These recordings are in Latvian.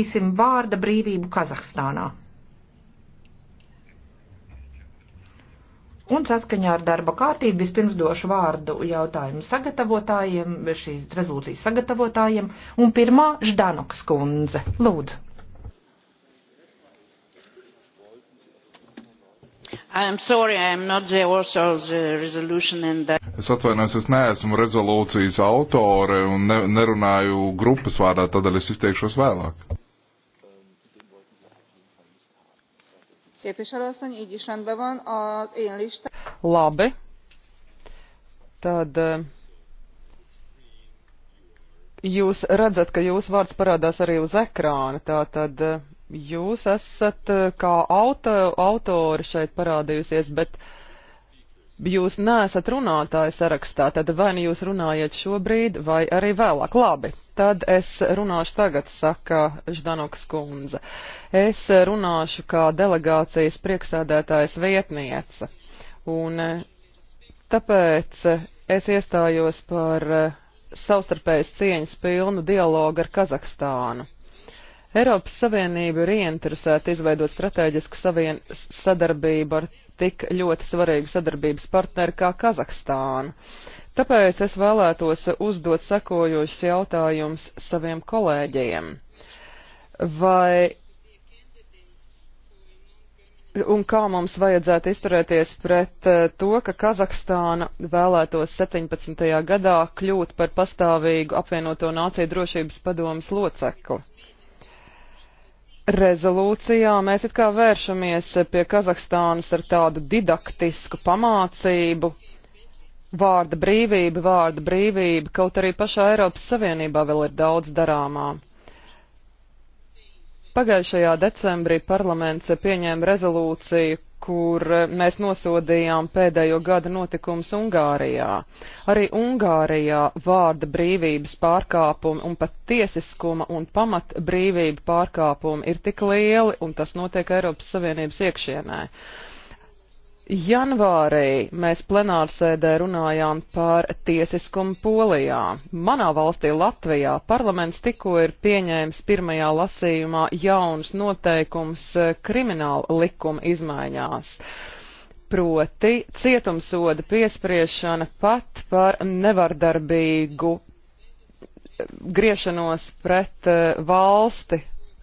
Īsim vārda brīvību Kazahstānā. Un saskaņā ar darba kārtību vispirms došu vārdu jautājumu sagatavotājiem, šīs rezolūcijas sagatavotājiem, un pirmā Ždanoks kundze. Lūdzu. I'm sorry, I'm not the author of the resolution and that. Es atvainojos, es neesmu rezolūcijas autore un ne, nerunāju grupas vārdā, tādēļ es izteikšos vēlāk. Képviselőasszony, így is rendben van, az én listám. Labi. Tad eh, jūs redzat, ka jūsu vārds parādās arī uz ekrāna, tātad eh, jūs esat eh, kā auto, autori šeit parādījusies, bet uh, jūs neesat runātāja sarakstā, tad vai nu jūs runājat šobrīd, vai arī vēlāk. Labi, tad es runāšu tagad, saka Ždanoks kundze. Es runāšu kā delegācijas prieksēdētājas vietniece. Un eh, tāpēc eh, es iestājos par eh, savstarpējas cieņas pilnu dialogu ar Kazahstānu. Eiropas Savienība ir ieinteresēta izveidot strateģisku savien... sadarbību ar tik ļoti svarīgu sadarbības partneri kā Kazahstānu. Tāpēc es vēlētos uzdot sekojošus jautājumus saviem kolēģiem. Vai un kā mums vajadzētu izturēties pret eh, to, ka Kazahstāna vēlētos 17. gadā kļūt par pastāvīgu apvienoto nāciju drošības padomas locekli? rezolūcijā mēs it kā vēršamies pie Kazahstānas ar tādu didaktisku pamācību. Vārda brīvība, vārda brīvība, kaut arī pašā Eiropas Savienībā vēl ir daudz darāmā. Pagājušajā decembrī parlaments pieņēma rezolūciju, kur eh, mēs nosodījām pēdējo gada notikums Ungārijā. Arī Ungārijā vārda brīvības pārkāpumi un pat tiesiskuma un pamat brīvība pārkāpumi ir tik lieli, un tas notiek Eiropas Savienības iekšienē. Uh, Janvārī mēs plenārsēdē runājām par tiesiskumu Polijā. Manā valstī Latvijā parlaments tikko ir pieņēmis pirmajā lasījumā jaunus noteikums eh, krimināla likuma izmaiņās. Proti cietumsoda piespriešana pat par nevardarbīgu eh, griešanos pret eh, valsti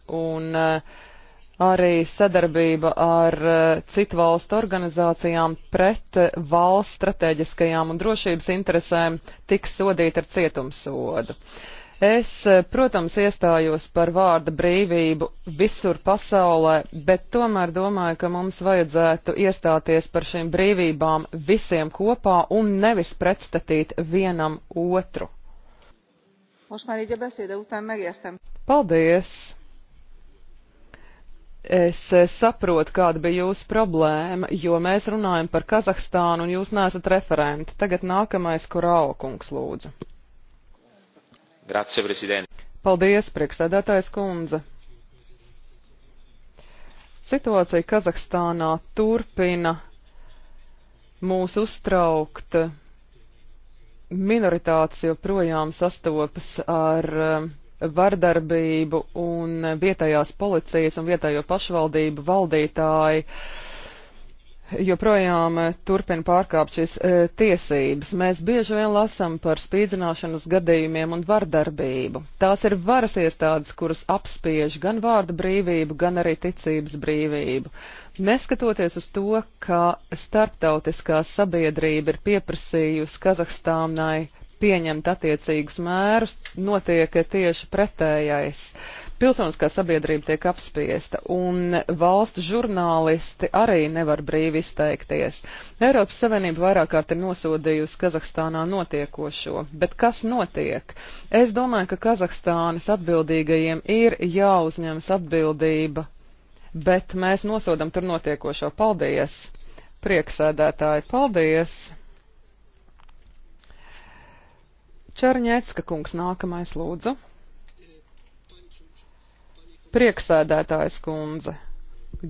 un uh, arī sadarbība ar eh, citu valstu organizācijām pret eh, valsts strateģiskajām un drošības interesēm tiks sodīta ar cietumsodu. Es, eh, protams, iestājos par vārda brīvību visur pasaulē, bet tomēr domāju, ka mums vajadzētu iestāties par šīm brīvībām visiem kopā un nevis pretstatīt vienam otru. Paldies! Es eh, saprotu, kāda bija jūsu problēma, jo mēs runājam par Kazahstānu un jūs neesat referenti. Tagad nākamais, kur Aukungs lūdzu. Grazie, prezident. Paldies, priekšsēdētājs kundze. Situācija Kazahstānā turpina mūs uztraukt. Minoritātes joprojām sastopas ar uh, vardarbību un vietējās policijas un vietējo pašvaldību valdītāji joprojām turpina pārkāpt šīs e, tiesības. Mēs bieži vien lasam par spīdzināšanas gadījumiem un vardarbību. Tās ir varas iestādes, kuras apspiež gan vārda brīvību, gan arī ticības brīvību. Neskatoties uz to, ka starptautiskā sabiedrība ir pieprasījusi Kazahstānai pieņemt attiecīgus mērus, notiek tieši pretējais. Pilsoniskā sabiedrība tiek apspiesta, un valsts žurnālisti arī nevar brīvi izteikties. Eiropas Savienība vairāk kārt ir nosodījusi Kazahstānā notiekošo, bet kas notiek? Es domāju, ka Kazahstānas atbildīgajiem ir jāuzņemas atbildība, bet mēs nosodam tur notiekošo. Paldies! Prieksēdētāji, paldies! Černiecka kungs nākamais lūdzu. Prieksēdētājs kundze,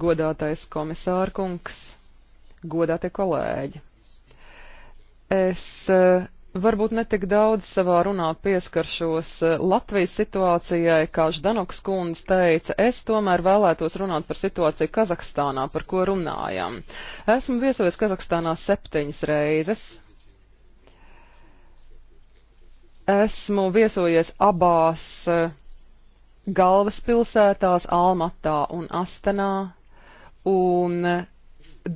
godātais komisāra kungs, godātie kolēģi. Es eh, varbūt netik daudz savā runā pieskaršos eh, Latvijas situācijai, kā Ždanoks kundze teica, es tomēr vēlētos runāt par situāciju Kazahstānā, par ko runājam. Esmu viesojies Kazahstānā septiņas reizes, esmu viesojies abās eh, galvaspilsētās Almatā un Astanā, un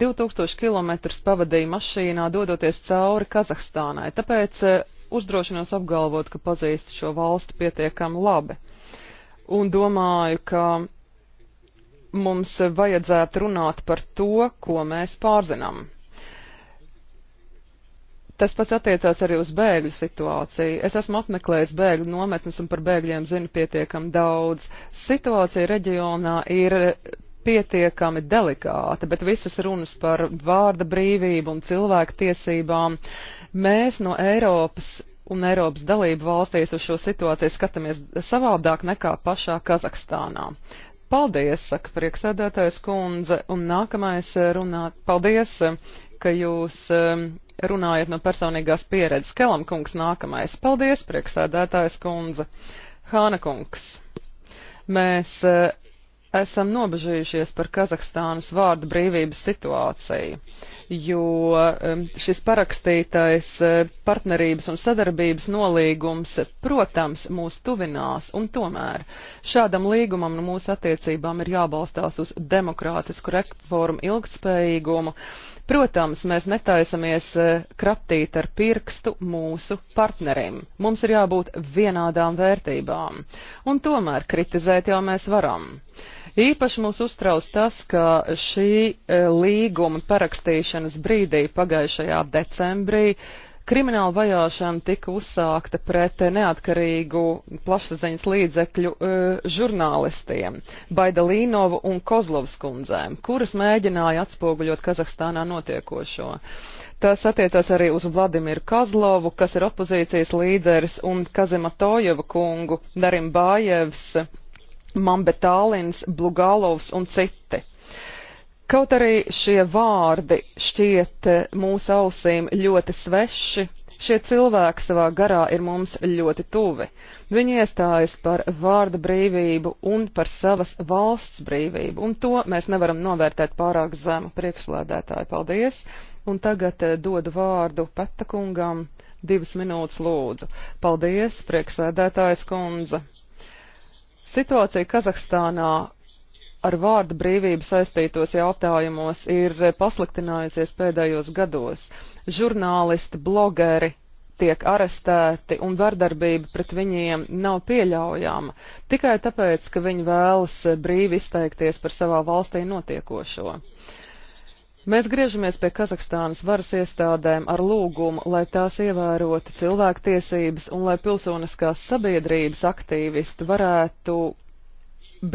2000 km pavadīju mašīnā dodoties cauri Kazahstānai, tāpēc eh, uzdrošinos apgalvot, ka pazīstu šo valstu pietiekami labi. Un domāju, ka mums vajadzētu runāt par to, ko mēs pārzinām. Tas pats attiecās arī uz bēgļu situāciju. Es esmu apmeklējis bēgļu nometnes un par bēgļiem zinu pietiekami daudz. Situācija reģionā ir pietiekami delikāta, bet visas runas par vārda brīvību un cilvēku tiesībām mēs no Eiropas un Eiropas dalību valstīs uz šo situāciju skatāmies savādāk nekā pašā Kazahstānā. Paldies, saka prieksēdētājs kundze, un nākamais runāt. Paldies, ka jūs um, runājot no personīgās pieredzes. Kelam kungs nākamais. Paldies, prieksēdētājs kundze. Hāna kungs. Mēs eh, esam nobežījušies par Kazahstānas vārdu brīvības situāciju jo šis parakstītais eh, partnerības un sadarbības nolīgums, protams, mūs tuvinās, un tomēr šādam līgumam un nu, mūsu attiecībām ir jābalstās uz demokrātisku reformu ilgtspējīgumu. Protams, mēs netaisamies eh, kratīt ar pirkstu mūsu partnerim. Mums ir jābūt vienādām vērtībām, un tomēr kritizēt jau mēs varam. Īpaši mūs uztrauc tas, ka šī e, līguma parakstīšanas brīdī pagājušajā decembrī krimināla vajāšana tika uzsākta pret neatkarīgu plašsaziņas līdzekļu e, žurnālistiem Baidalīnovu un Kozlovs kundzēm, kuras mēģināja atspoguļot Kazahstānā notiekošo. Tas attiecās arī uz Vladimiru Kozlovu, kas ir opozīcijas līderis, un Kazima Tojeva kungu, Darim Bājevs, Mambetālins, Blugālovs un citi. Kaut arī šie vārdi šķiet eh, mūsu ausīm ļoti sveši, šie cilvēki savā garā ir mums ļoti tuvi. Viņi iestājas par vārda brīvību un par savas valsts brīvību, un to mēs nevaram novērtēt pārāk zemu priekšslēdētāju. Paldies! Un tagad eh, dodu vārdu Patakungam. Divas minūtes lūdzu. Paldies, priekšsēdētājs kundze! Situācija Kazahstānā ar vārdu brīvību saistītos jautājumos ir pasliktinājusies pēdējos gados. Žurnālisti, blogeri tiek arestēti un vardarbība pret viņiem nav pieļaujama tikai tāpēc, ka viņi vēlas brīvi izteikties par savā valstī notiekošo. Mēs griežamies pie Kazahstānas varas iestādēm ar lūgumu, lai tās ievēroti cilvēktiesības un lai pilsoniskās sabiedrības aktīvisti varētu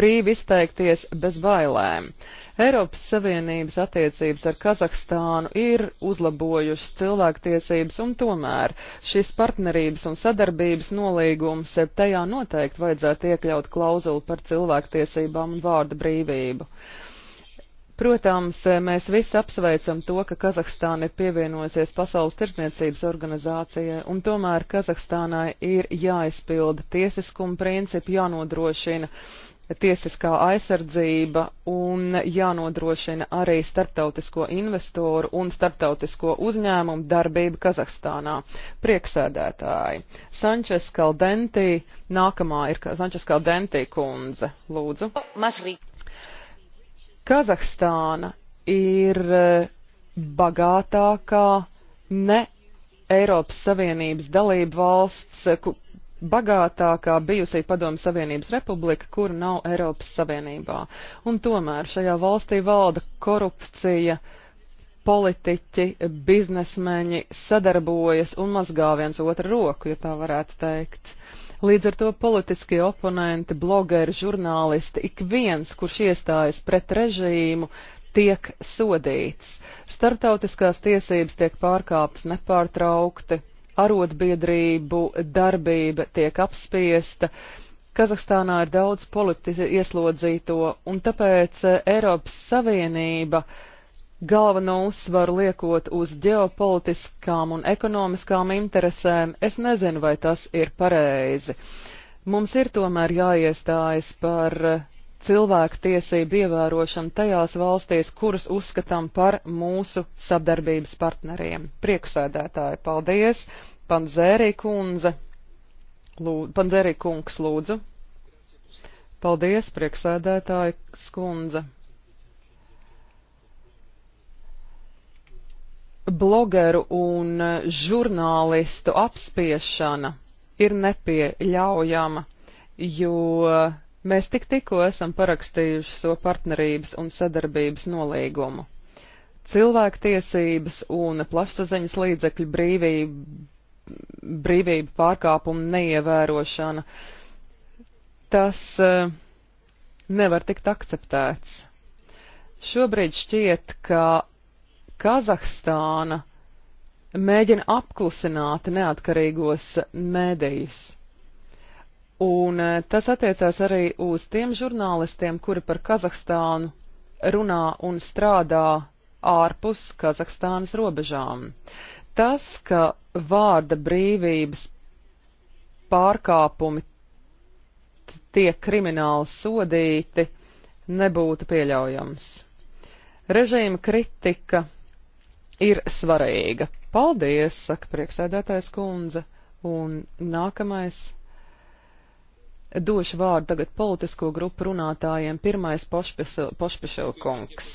brīvi izteikties bez bailēm. Eiropas Savienības attiecības ar Kazahstānu ir uzlabojušas cilvēktiesības, un tomēr šis partnerības un sadarbības nolīgums tajā noteikti vajadzētu iekļaut klauzulu par cilvēktiesībām un vārda brīvību. Protams, eh, mēs visi apsveicam to, ka Kazahstāna ir pievienojusies Pasaules tirdzniecības organizācijai, un tomēr Kazahstānai ir jāizpilda tiesiskuma principi, jānodrošina tiesiskā aizsardzība un jānodrošina arī starptautisko investoru un starptautisko uzņēmumu darbība Kazahstānā. Prieksēdētāji. Sančes Kaldentī, nākamā ir Sančes Kaldentī kundze. Lūdzu. Masrī. Kazahstāna ir eh, bagātākā ne Eiropas Savienības dalība valsts, eh, bagātākā bijusī Padomu Savienības republika, kur nav Eiropas Savienībā. Un tomēr šajā valstī valda korupcija, politiķi, biznesmeņi sadarbojas un mazgā viens otru roku, ja tā varētu teikt. Uh, Līdz ar to politiskie oponenti, blogeri, žurnālisti, ik viens, kurš iestājas pret režīmu, tiek sodīts. Startautiskās tiesības tiek pārkāptas nepārtraukti, arotbiedrību darbība tiek apspiesta. Kazahstānā ir daudz politiski ieslodzīto, un tāpēc eh, Eiropas Savienība uh, galveno uzsvaru liekot uz ģeopolitiskām un ekonomiskām interesēm, es nezinu, vai tas ir pareizi. Mums ir tomēr jāiestājas par eh, cilvēku tiesību ievērošanu tajās valstīs, kuras uzskatām par mūsu sadarbības partneriem. Prieksēdētāji, paldies! Panzērī kundze, lūd, Panzērī kungs, lūdzu! Paldies, prieksēdētāji skundze! blogeru un e, žurnālistu apspiešana ir nepieļaujama, jo mēs tik tikko esam parakstījuši šo so partnerības un sadarbības nolīgumu. Cilvēktiesības un plašsaziņas līdzekļu brīvība, brīvība pārkāpuma neievērošana, tas e, nevar tikt akceptēts. Šobrīd šķiet, ka Kazahstāna mēģina apklusināt neatkarīgos mēdījus. Un eh, tas attiecās arī uz tiem žurnālistiem, kuri par Kazahstānu runā un strādā ārpus Kazahstānas robežām. Tas, ka vārda brīvības pārkāpumi tiek krimināli sodīti, nebūtu pieļaujams. Režīma kritika ir svarīga. Paldies, saka priekšsēdētājs kundze. Un nākamais. Došu vārdu tagad politisko grupu runātājiem. Pirmais Pošpešel kungs.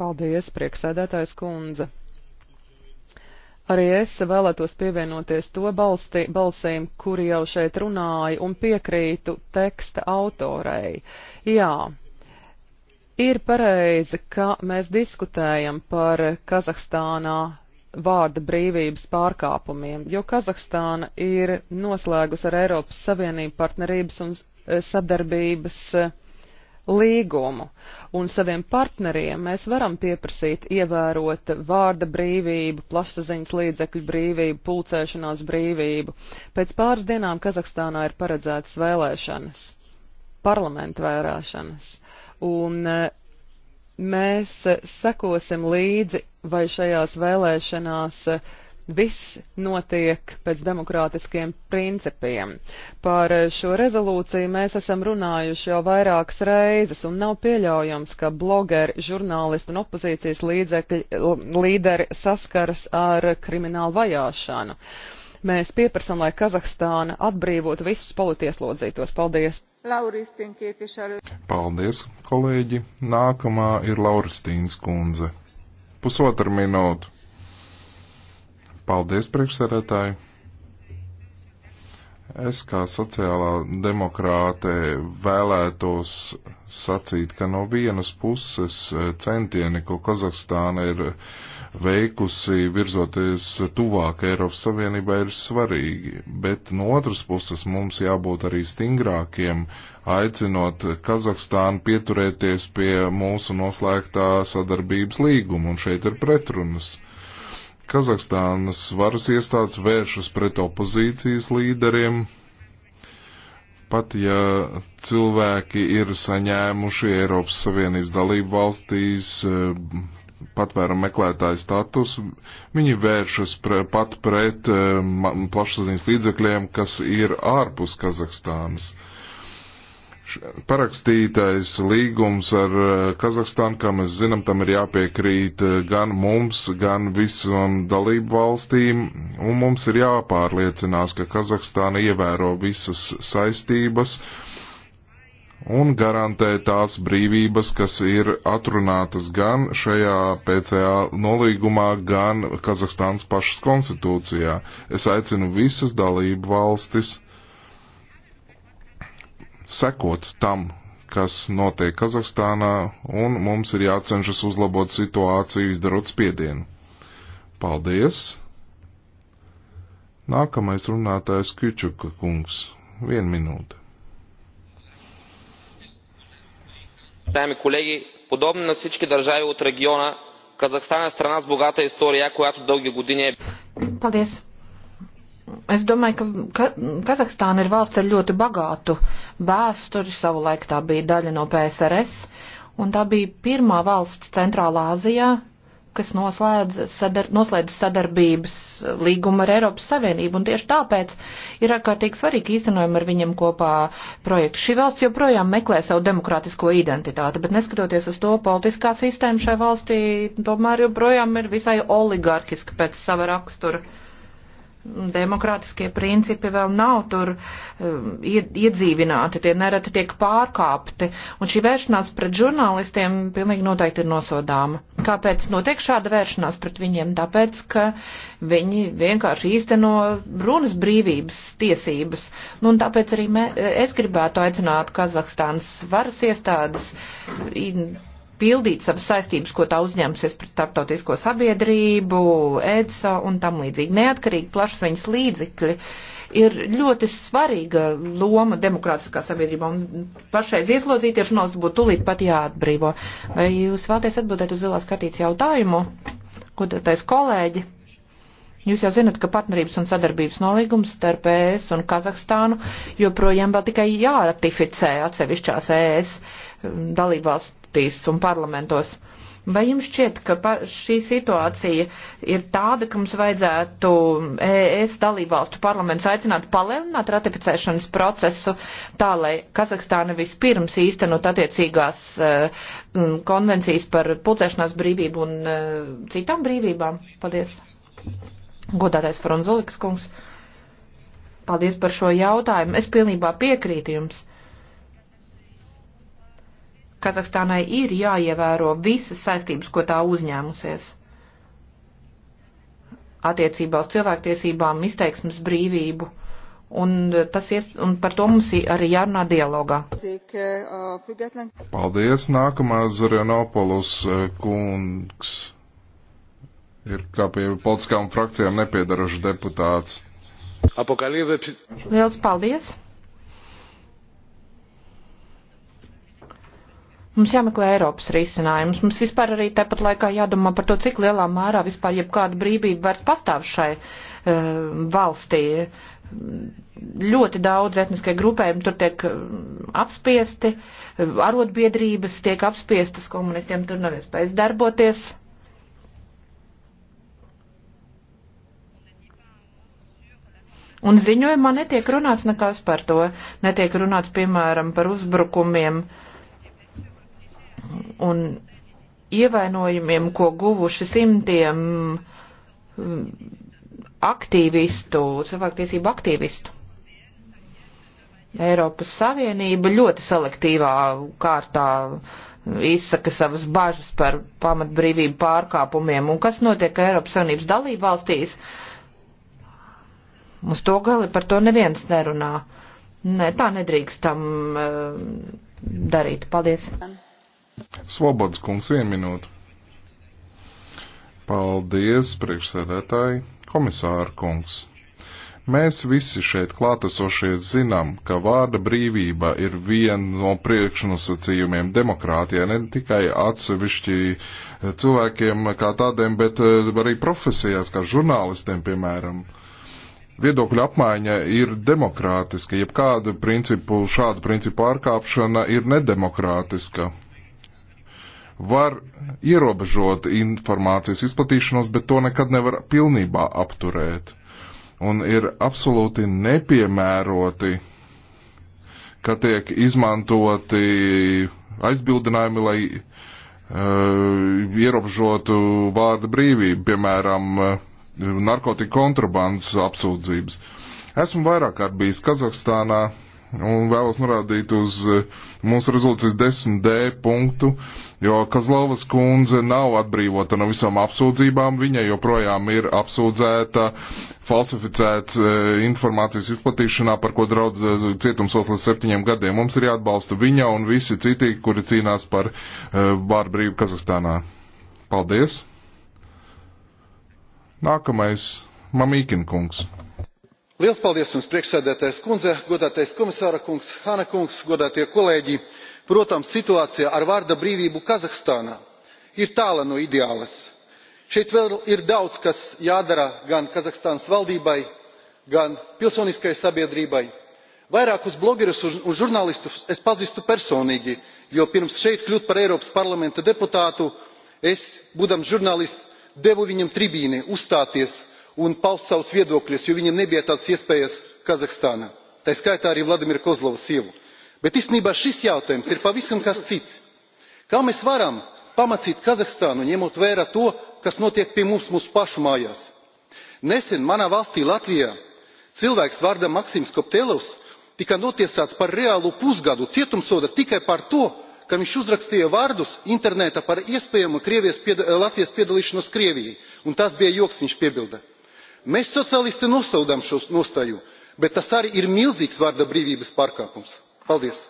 Paldies, priekšsēdētājs kundze. Arī es vēlētos pievienoties to balsti, balsīm, kuri jau šeit runāja un piekrītu teksta autorei. Jā, Ir pareizi, ka mēs diskutējam par Kazahstānā vārda brīvības pārkāpumiem, jo Kazahstāna ir noslēgus ar Eiropas Savienību partnerības un e, sadarbības e, līgumu, un saviem partneriem mēs varam pieprasīt ievērot vārda brīvību, plašsaziņas līdzekļu brīvību, pulcēšanās brīvību. Pēc pāris dienām Kazahstānā ir paredzētas vēlēšanas, parlamenta vērāšanas un eh, mēs sekosim līdzi, vai šajās vēlēšanās eh, viss notiek pēc demokrātiskiem principiem. Par eh, šo rezolūciju mēs esam runājuši jau vairākas reizes, un nav pieļaujams, ka blogeri, žurnālisti un opozīcijas līdzekļi, līderi saskaras ar kriminālu vajāšanu. Uh, mēs pieprasam, lai Kazahstāna atbrīvot visus politieslodzītos. Paldies! Paldies, kolēģi! Nākamā ir Lauristīnas kundze. Pusotru minūtu. Paldies, priekšsēdētāji! Es kā sociālā demokrāte vēlētos sacīt, ka no vienas puses centieni, ko Kazahstāna ir uh, veikusi virzoties tuvāk Eiropas Savienībai ir svarīgi, bet no otras puses mums jābūt arī stingrākiem, aicinot Kazahstānu pieturēties pie mūsu noslēgtā sadarbības līguma, un šeit ir pretrunas. Kazahstānas varas iestādes vēršas pret opozīcijas līderiem, pat ja cilvēki ir saņēmuši Eiropas Savienības dalību valstīs eh, patvērumu meklētāju status, viņi vēršas pre, pat pret um, plašsaziņas līdzekļiem, kas ir ārpus Kazahstānas. Parakstītais līgums ar eh, Kazahstānu, kā mēs zinām, tam ir jāpiekrīt eh, gan mums, gan visam dalību valstīm, un mums ir jāpārliecinās, ka Kazahstāna ievēro visas saistības, uh, un garantē tās brīvības, kas ir atrunātas gan šajā PCA nolīgumā, gan Kazahstānas pašas konstitūcijā. Es aicinu visas dalību valstis sekot tam, kas notiek Kazahstānā, un mums ir jācenšas uzlabot situāciju, izdarot spiedienu. Paldies! Nākamais runātājs Kyčuka kungs. Vienu minūti. уважаеми колеги! подобно на всички държави от региона казахстан е страна с богата история която дълги години е. Paldies! Es domāju, ka Kazahstāna ir valsts ar ļoti bagātu vēsturi, savulaik tā bija daļa no PSRS, un tā bija pirmā valsts Centrālā Azijā, kas noslēdz, sadar, noslēdz sadarbības uh, līgumu ar Eiropas Savienību, un tieši tāpēc ir ārkārtīgi svarīgi īstenojumi ar viņiem kopā projektu. Šī valsts joprojām meklē savu demokrātisko identitāti, bet neskatoties uz to, politiskā sistēma šai valstī tomēr joprojām ir visai oligarhiska pēc sava rakstura. Uh, demokrātiskie principi vēl nav tur um, iedzīvināti, tie nereti tiek pārkāpti, un šī vēršanās pret žurnālistiem pilnīgi noteikti ir nosodāma. Kāpēc notiek šāda vēršanās pret viņiem? Tāpēc, ka viņi vienkārši īsteno runas brīvības tiesības, nu, un tāpēc arī mē, es gribētu aicināt Kazahstānas varas iestādes pildīt savas saistības, ko tā uzņēmusies pret starptautisko sabiedrību, EDSA un tam līdzīgi. Neatkarīgi plašsaziņas līdzekļi ir ļoti svarīga loma demokrātiskā sabiedrībā, un pašreiz ieslodzītie žurnālisti būtu tulīt pat jāatbrīvo. Vai jūs vēlaties atbildēt uz zilās kartītes jautājumu? Ko tais kolēģi? Jūs jau zinat, ka partnerības un sadarbības nolīgums starp ES un Kazahstānu joprojām vēl tikai jāratificē atsevišķās ES dalībvalstīs un parlamentos. Vai jums šķiet, ka šī situācija ir tāda, ka mums vajadzētu ES dalībvalstu parlaments aicināt palielināt ratificēšanas procesu tā, lai Kazahstāna vispirms īstenot attiecīgās uh, konvencijas par pulcēšanās brīvību un uh, citām brīvībām? Paldies. Godātais Fronzulikas kungs. Paldies par šo jautājumu. Es pilnībā piekrītu jums Kazahstānai ir jāievēro visas saistības, ko tā uzņēmusies attiecībā uz cilvēktiesībām, izteiksmes brīvību. Un, ies, un par to mums arī jārunā dialogā. Paldies. Nākamā Zarianopolus eh, kungs ir kā pie politiskām frakcijām nepiedarošs deputāts. Liels paldies! Mums jāmeklē Eiropas risinājums. Mums vispār arī tāpat laikā jādomā par to, cik lielā mērā vispār jebkāda brīvība vairs pastāv šai uh, valstī. Ļoti daudz etniskai grupējumi tur tiek mm, apspiesti, arotbiedrības tiek apspiestas, komunistiem tur nav iespējas darboties. Un ziņojumā netiek runāts nekās par to. Netiek runāts, piemēram, par uzbrukumiem uh, un ievainojumiem, ko guvuši simtiem mm, aktīvistu, cilvēktiesību aktīvistu. Eiropas Savienība ļoti selektīvā kārtā izsaka savas bažas par pamatbrīvību pārkāpumiem un kas notiek Eiropas Savienības dalību valstīs. Uz to gali par to neviens nerunā. Nē, tā nedrīkstam uh, darīt. Paldies. Svobods kungs, vienu minūtu. Paldies, priekšsēdētāji, komisāra kungs. Mēs visi šeit klātesošie zinām, ka vārda brīvība ir viena no priekšnosacījumiem demokrātijā, ne tikai atsevišķi eh, cilvēkiem kā tādiem, bet eh, arī profesijās, kā žurnālistiem, piemēram. Viedokļu apmaiņa ir demokrātiska, jebkāda principu, šādu principu pārkāpšana ir nedemokrātiska var ierobežot informācijas izplatīšanos, bet to nekad nevar pilnībā apturēt. Un ir absolūti nepiemēroti, ka tiek izmantoti aizbildinājumi, lai uh, ierobežotu vārda brīvību, piemēram, uh, narkotika kontrabandas apsūdzības. Esmu vairāk kārt bijis Kazahstānā un vēlos norādīt uz eh, mūsu rezolūcijas 10D punktu, uh, jo Kazlovas kundze nav atbrīvota no visām apsūdzībām, viņa joprojām ir apsūdzēta falsificēts e, informācijas izplatīšanā, par ko draudz e, cietumsos līdz septiņiem gadiem. Mums ir jāatbalsta viņa un visi citi, kuri cīnās par e, vārdu brīvu Kazahstānā. Paldies! Nākamais - Mamīkin kungs. Liels paldies jums, priekšsēdētājs kundze, godātais komisāra kungs, Hana kungs, godātie kolēģi! protams situācija ar vārda brīvību kazahstānā ir tālu no ideāla. šeit vēl ir daudz kas jādara gan kazahstānas valdībai gan pilsoniskajai sabiedrībai. vairākus blogerus un žurnālistus es pazīstu personīgi jo pirms šeit kļūt par eiropas parlamenta deputātu es būdams žurnālists devu viņiem tribīni uzstāties un paust savus viedokļus jo viņiem nebija tādas iespējas kazahstānā tai skaitā arī vladimira kozlova sievu bet īstenībā šis jautājums ir pavisam kas cits kā mēs varam pamācīt kazahstānu ņemot vērā to kas notiek pie mums mūsu pašu mājās. nesen manā valstī latvijā cilvēks vārdā maksims koptelovs tika notiesāts par reālu pusgadu cietumsodu tikai par to ka viņš uzrakstīja vārdus internetā par iespējamu latvijas piedalīšanos krievijai un tas bija joks viņš piebilda. mēs sociālisti nosodām šo nostāju bet tas arī ir milzīgs vārda brīvības pārkāpums. Paldies!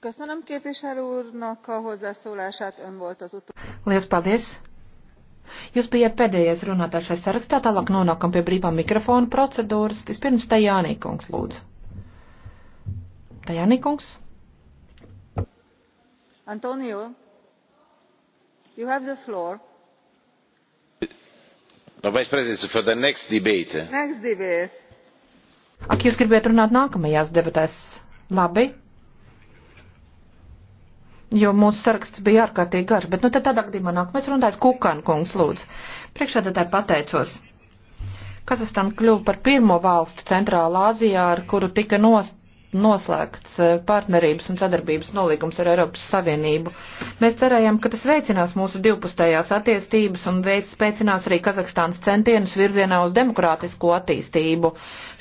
Köszönöm képviselő úrnak a hozzászólását, ön volt az utolsó. Liels paldies! Jūs bijat pēdējais runātājs šai sarakstā, tālāk nonākam pie brīvā mikrofona procedūras. Vispirms Tajānī kungs, lūdzu. Tajānī kungs? Antonio, you have the floor. No, Vice President, for the next debate. Next debate. Ak jūs gribētu runāt nākamajās debatēs, labi. Jo mūsu saraksts bija ārkārtīgi garš, bet nu tad tādā gadījumā nākamais runātājs Kukan kungs lūdzu. Priekšādātāji pateicos. Kazahstāna kļuva par pirmo valsti Centrālā Azijā, ar kuru tika nost noslēgts eh, partnerības un sadarbības nolīgums ar Eiropas Savienību. Mēs cerējām, ka tas veicinās mūsu divpustējās attiestības un veids spēcinās arī Kazahstānas centienus virzienā uz demokrātisko attīstību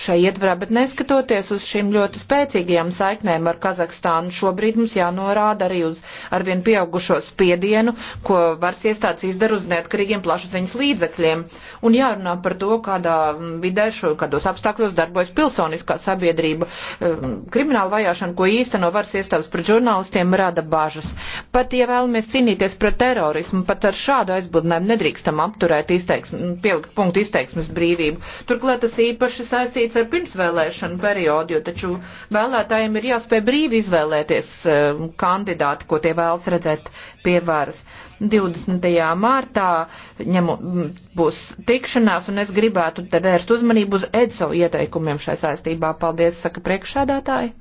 šai ietverā, bet neskatoties uz šīm ļoti spēcīgajām saiknēm ar Kazahstānu, šobrīd mums jānorāda arī uz arvien pieaugušo spiedienu, ko varas iestādes izdara uz neatkarīgiem plašsaziņas līdzekļiem. Un jārunā par to, kādā vidē šo, kādos apstākļos darbojas pilsoniskā sabiedrība, eh, krimināla vajāšana, ko īsteno varas iestādes pret žurnālistiem, rada bažas. Pat, ja vēlamies cīnīties pret terorismu, pat ar šādu aizbūdinājumu nedrīkstam apturēt izteiksmi, pielikt punktu izteiksmes brīvību. Turklāt tas īpaši saistīts ar pirmsvēlēšanu periodu, jo taču vēlētājiem ir jāspēj brīvi izvēlēties eh, kandidāti, ko tie vēlas redzēt pie varas. 20. mārtā ņem, būs tikšanās, un es gribētu te vērst uzmanību uz EDSO ieteikumiem šai saistībā. Paldies, saka priekšsēdētāji.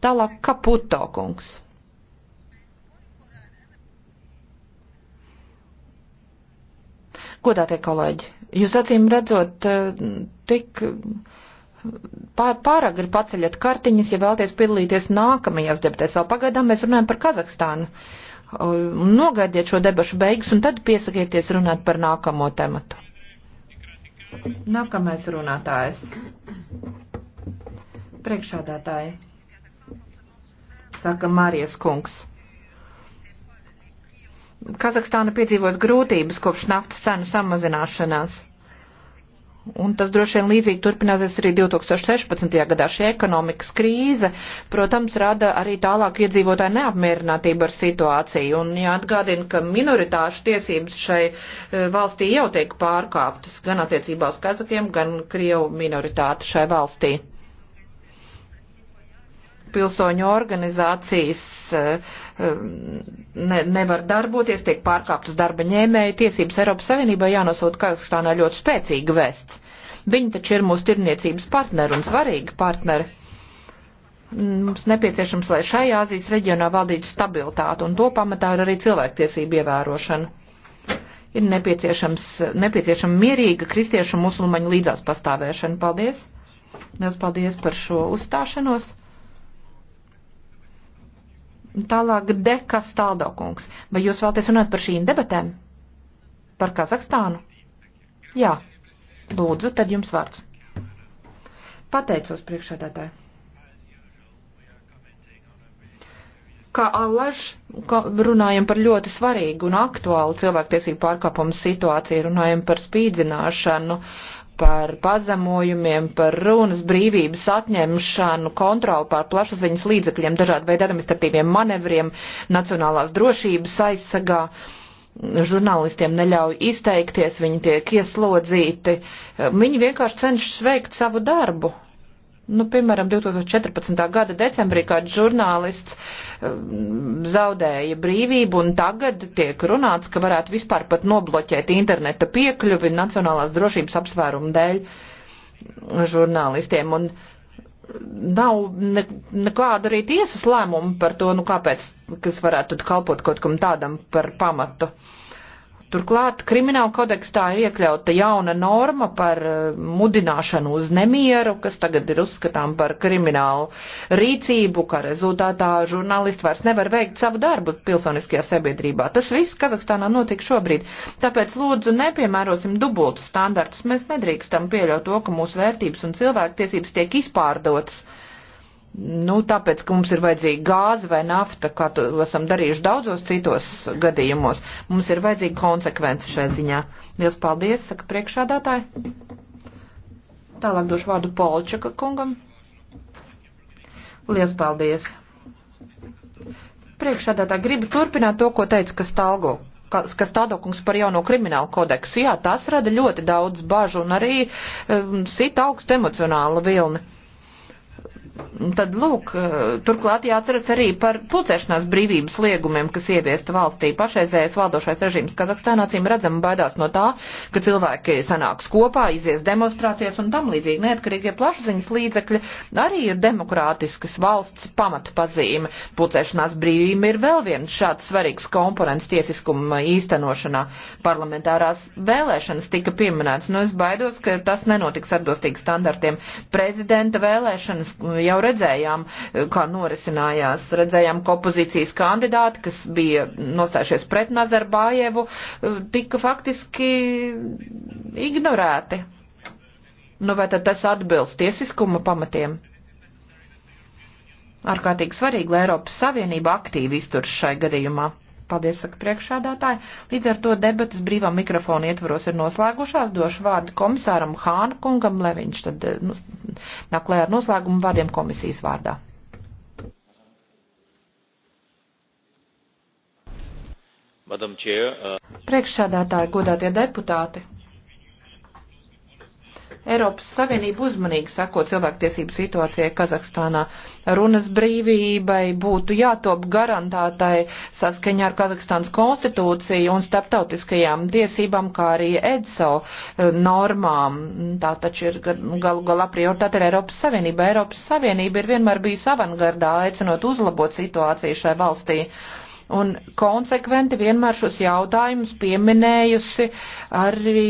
Tālāk Kaputo kungs. Godātie kolēģi, jūs acīm redzot eh, tik pār, pāragri paceļat kartiņas, ja vēlties piedalīties nākamajās debatēs. Vēl pagaidām mēs runājam par Kazahstānu. Uh, un nogaidiet šo debašu beigas, un tad piesakieties runāt par nākamo tematu. Nākamais runātājs. Priekšādātāji. Saka Mārijas kungs. Kazahstāna piedzīvos grūtības kopš naftas cenu samazināšanās. Un tas droši vien līdzīgi turpināsies arī 2016. gadā. Šī ekonomikas krīze, protams, rada arī tālāk iedzīvotāju neapmierinātību ar situāciju. Un jāatgādina, ka minoritāšu tiesības šai eh, valstī jau tiek pārkāptas gan attiecībā uz kazakiem, gan krievu minoritāti šai valstī pilsoņu organizācijas eh, eh, ne, nevar darboties, tiek pārkāptas darba ņēmēja tiesības Eiropas Savienībā jānosūta Kazahstānā ļoti spēcīga vēsts. Viņi taču ir mūsu tirniecības partneri un svarīgi partneri. Mums nepieciešams, lai šajā Azijas reģionā valdītu stabilitāte, un to pamatā ir arī cilvēktiesība ievērošana ir nepieciešama mierīga kristiešu un musulmaņu līdzās pastāvēšana. Paldies! Liels paldies par šo uzstāšanos! Tālāk Dekas Tādokungs. Vai jūs vēlaties runāt par šīm debatēm? Par Kazahstānu? Jā. Lūdzu, tad jums vārds. Pateicos priekšsēdētāji. Kā allaž runājam par ļoti svarīgu un aktuālu cilvēktiesību pārkāpumu situāciju, runājam par spīdzināšanu, uh, par pazemojumiem, par runas brīvības atņemšanu, kontroli pār plašsaziņas līdzekļiem, dažādu veidu administratīviem manevriem, nacionālās drošības aizsargā. Žurnālistiem neļauj izteikties, viņi tiek ieslodzīti. Viņi vienkārši cenšas veikt savu darbu. Nu, piemēram, 2014. gada decembrī kāds žurnālists um, zaudēja brīvību un tagad tiek runāts, ka varētu vispār pat nobloķēt interneta piekļuvi nacionālās drošības apsvērumu dēļ žurnālistiem. Un nav ne, nekāda arī tiesas lēmuma par to, nu kāpēc, kas varētu kalpot kaut kam tādam par pamatu. Uh, Turklāt krimināla kodekstā ir iekļauta jauna norma par eh, mudināšanu uz nemieru, kas tagad ir uzskatām par kriminālu rīcību, kā rezultātā žurnālisti vairs nevar veikt savu darbu pilsoniskajā sabiedrībā. Tas viss Kazahstānā notiek šobrīd. Tāpēc lūdzu nepiemērosim dubultus standartus. Mēs nedrīkstam pieļaut to, ka mūsu vērtības un cilvēktiesības tiek izpārdotas. Uh, Nu, tāpēc, ka mums ir vajadzīga gāze vai nafta, kā to esam darījuši daudzos citos gadījumos, mums ir vajadzīga konsekvence šai ziņā. Liels paldies, saka priekšādātāji. Tālāk došu vārdu Polčaka kungam. Liels paldies. Priekšādātāji, gribu turpināt to, ko teica Kastalgo kas tādokums par jauno kriminālu kodeksu. Jā, tas rada ļoti daudz bažu un arī um, sit augstu emocionālu vilni tad, lūk, eh, turklāt jāatceras arī par pulcēšanās brīvības liegumiem, kas ieviesta valstī. Pašreizējais valdošais režīms Kazahstānā cīm redzam baidās no tā, ka cilvēki sanāks kopā, izies demonstrācijas un tam līdzīgi. Neatkarīgie plašsaziņas līdzekļi arī ir demokrātiskas valsts pamatu pazīme. Pulcēšanās brīvība ir vēl viens šāds svarīgs komponents tiesiskuma īstenošanā. Parlamentārās vēlēšanas tika pieminēts, nu es baidos, ka tas nenotiks atbilstīgi standartiem. Prezidenta vēlēšanas jau redzējām, eh, kā norisinājās. Redzējām, ka opozīcijas kandidāti, kas bija nostājušies pret Nazarbājevu, eh, tika faktiski ignorēti. Nu, vai tad tas atbilst tiesiskuma pamatiem? Ārkārtīgi svarīgi, lai Eiropas Savienība aktīvi izturš šai gadījumā. Paldies, saka priekšādātāji. Līdz ar to debatas brīvā mikrofona ietvaros ir noslēgušās. Došu vārdu komisāram Hāna kungam, lai viņš tad eh, nu, naklē ar noslēgumu vārdiem komisijas vārdā. Uh, Priekšsādātāji, godātie deputāti! Eiropas Savienība uzmanīgi sako cilvēktiesību situācijai Kazahstānā. Runas brīvībai būtu jātop garantētai saskaņā ar Kazahstānas konstitūciju un starptautiskajām tiesībām, kā arī EDSO eh, normām. Tā taču ir galu galā prioritāte ir Eiropas Savienība. Eiropas Savienība ir vienmēr bijusi avangardā, aicinot uzlabot situāciju šai valstī un konsekventi vienmēr šos jautājumus pieminējusi arī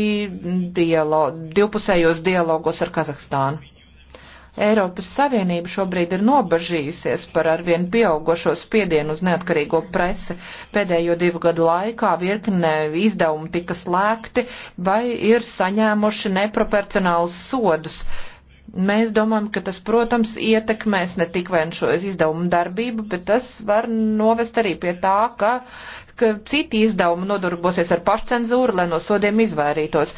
dialog, divpusējos dialogos ar Kazahstānu. Eiropas Savienība šobrīd ir nobažījusies par arvien pieaugošo spiedienu uz neatkarīgo presi. Pēdējo divu gadu laikā virkne izdevumi tika slēgti vai ir saņēmuši neproporcionālus sodus mēs domājam, ka tas, protams, ietekmēs ne tik vien šo izdevumu darbību, bet tas var novest arī pie tā, ka, ka citi izdevumi nodarbosies ar pašcenzūru, lai no sodiem izvairītos.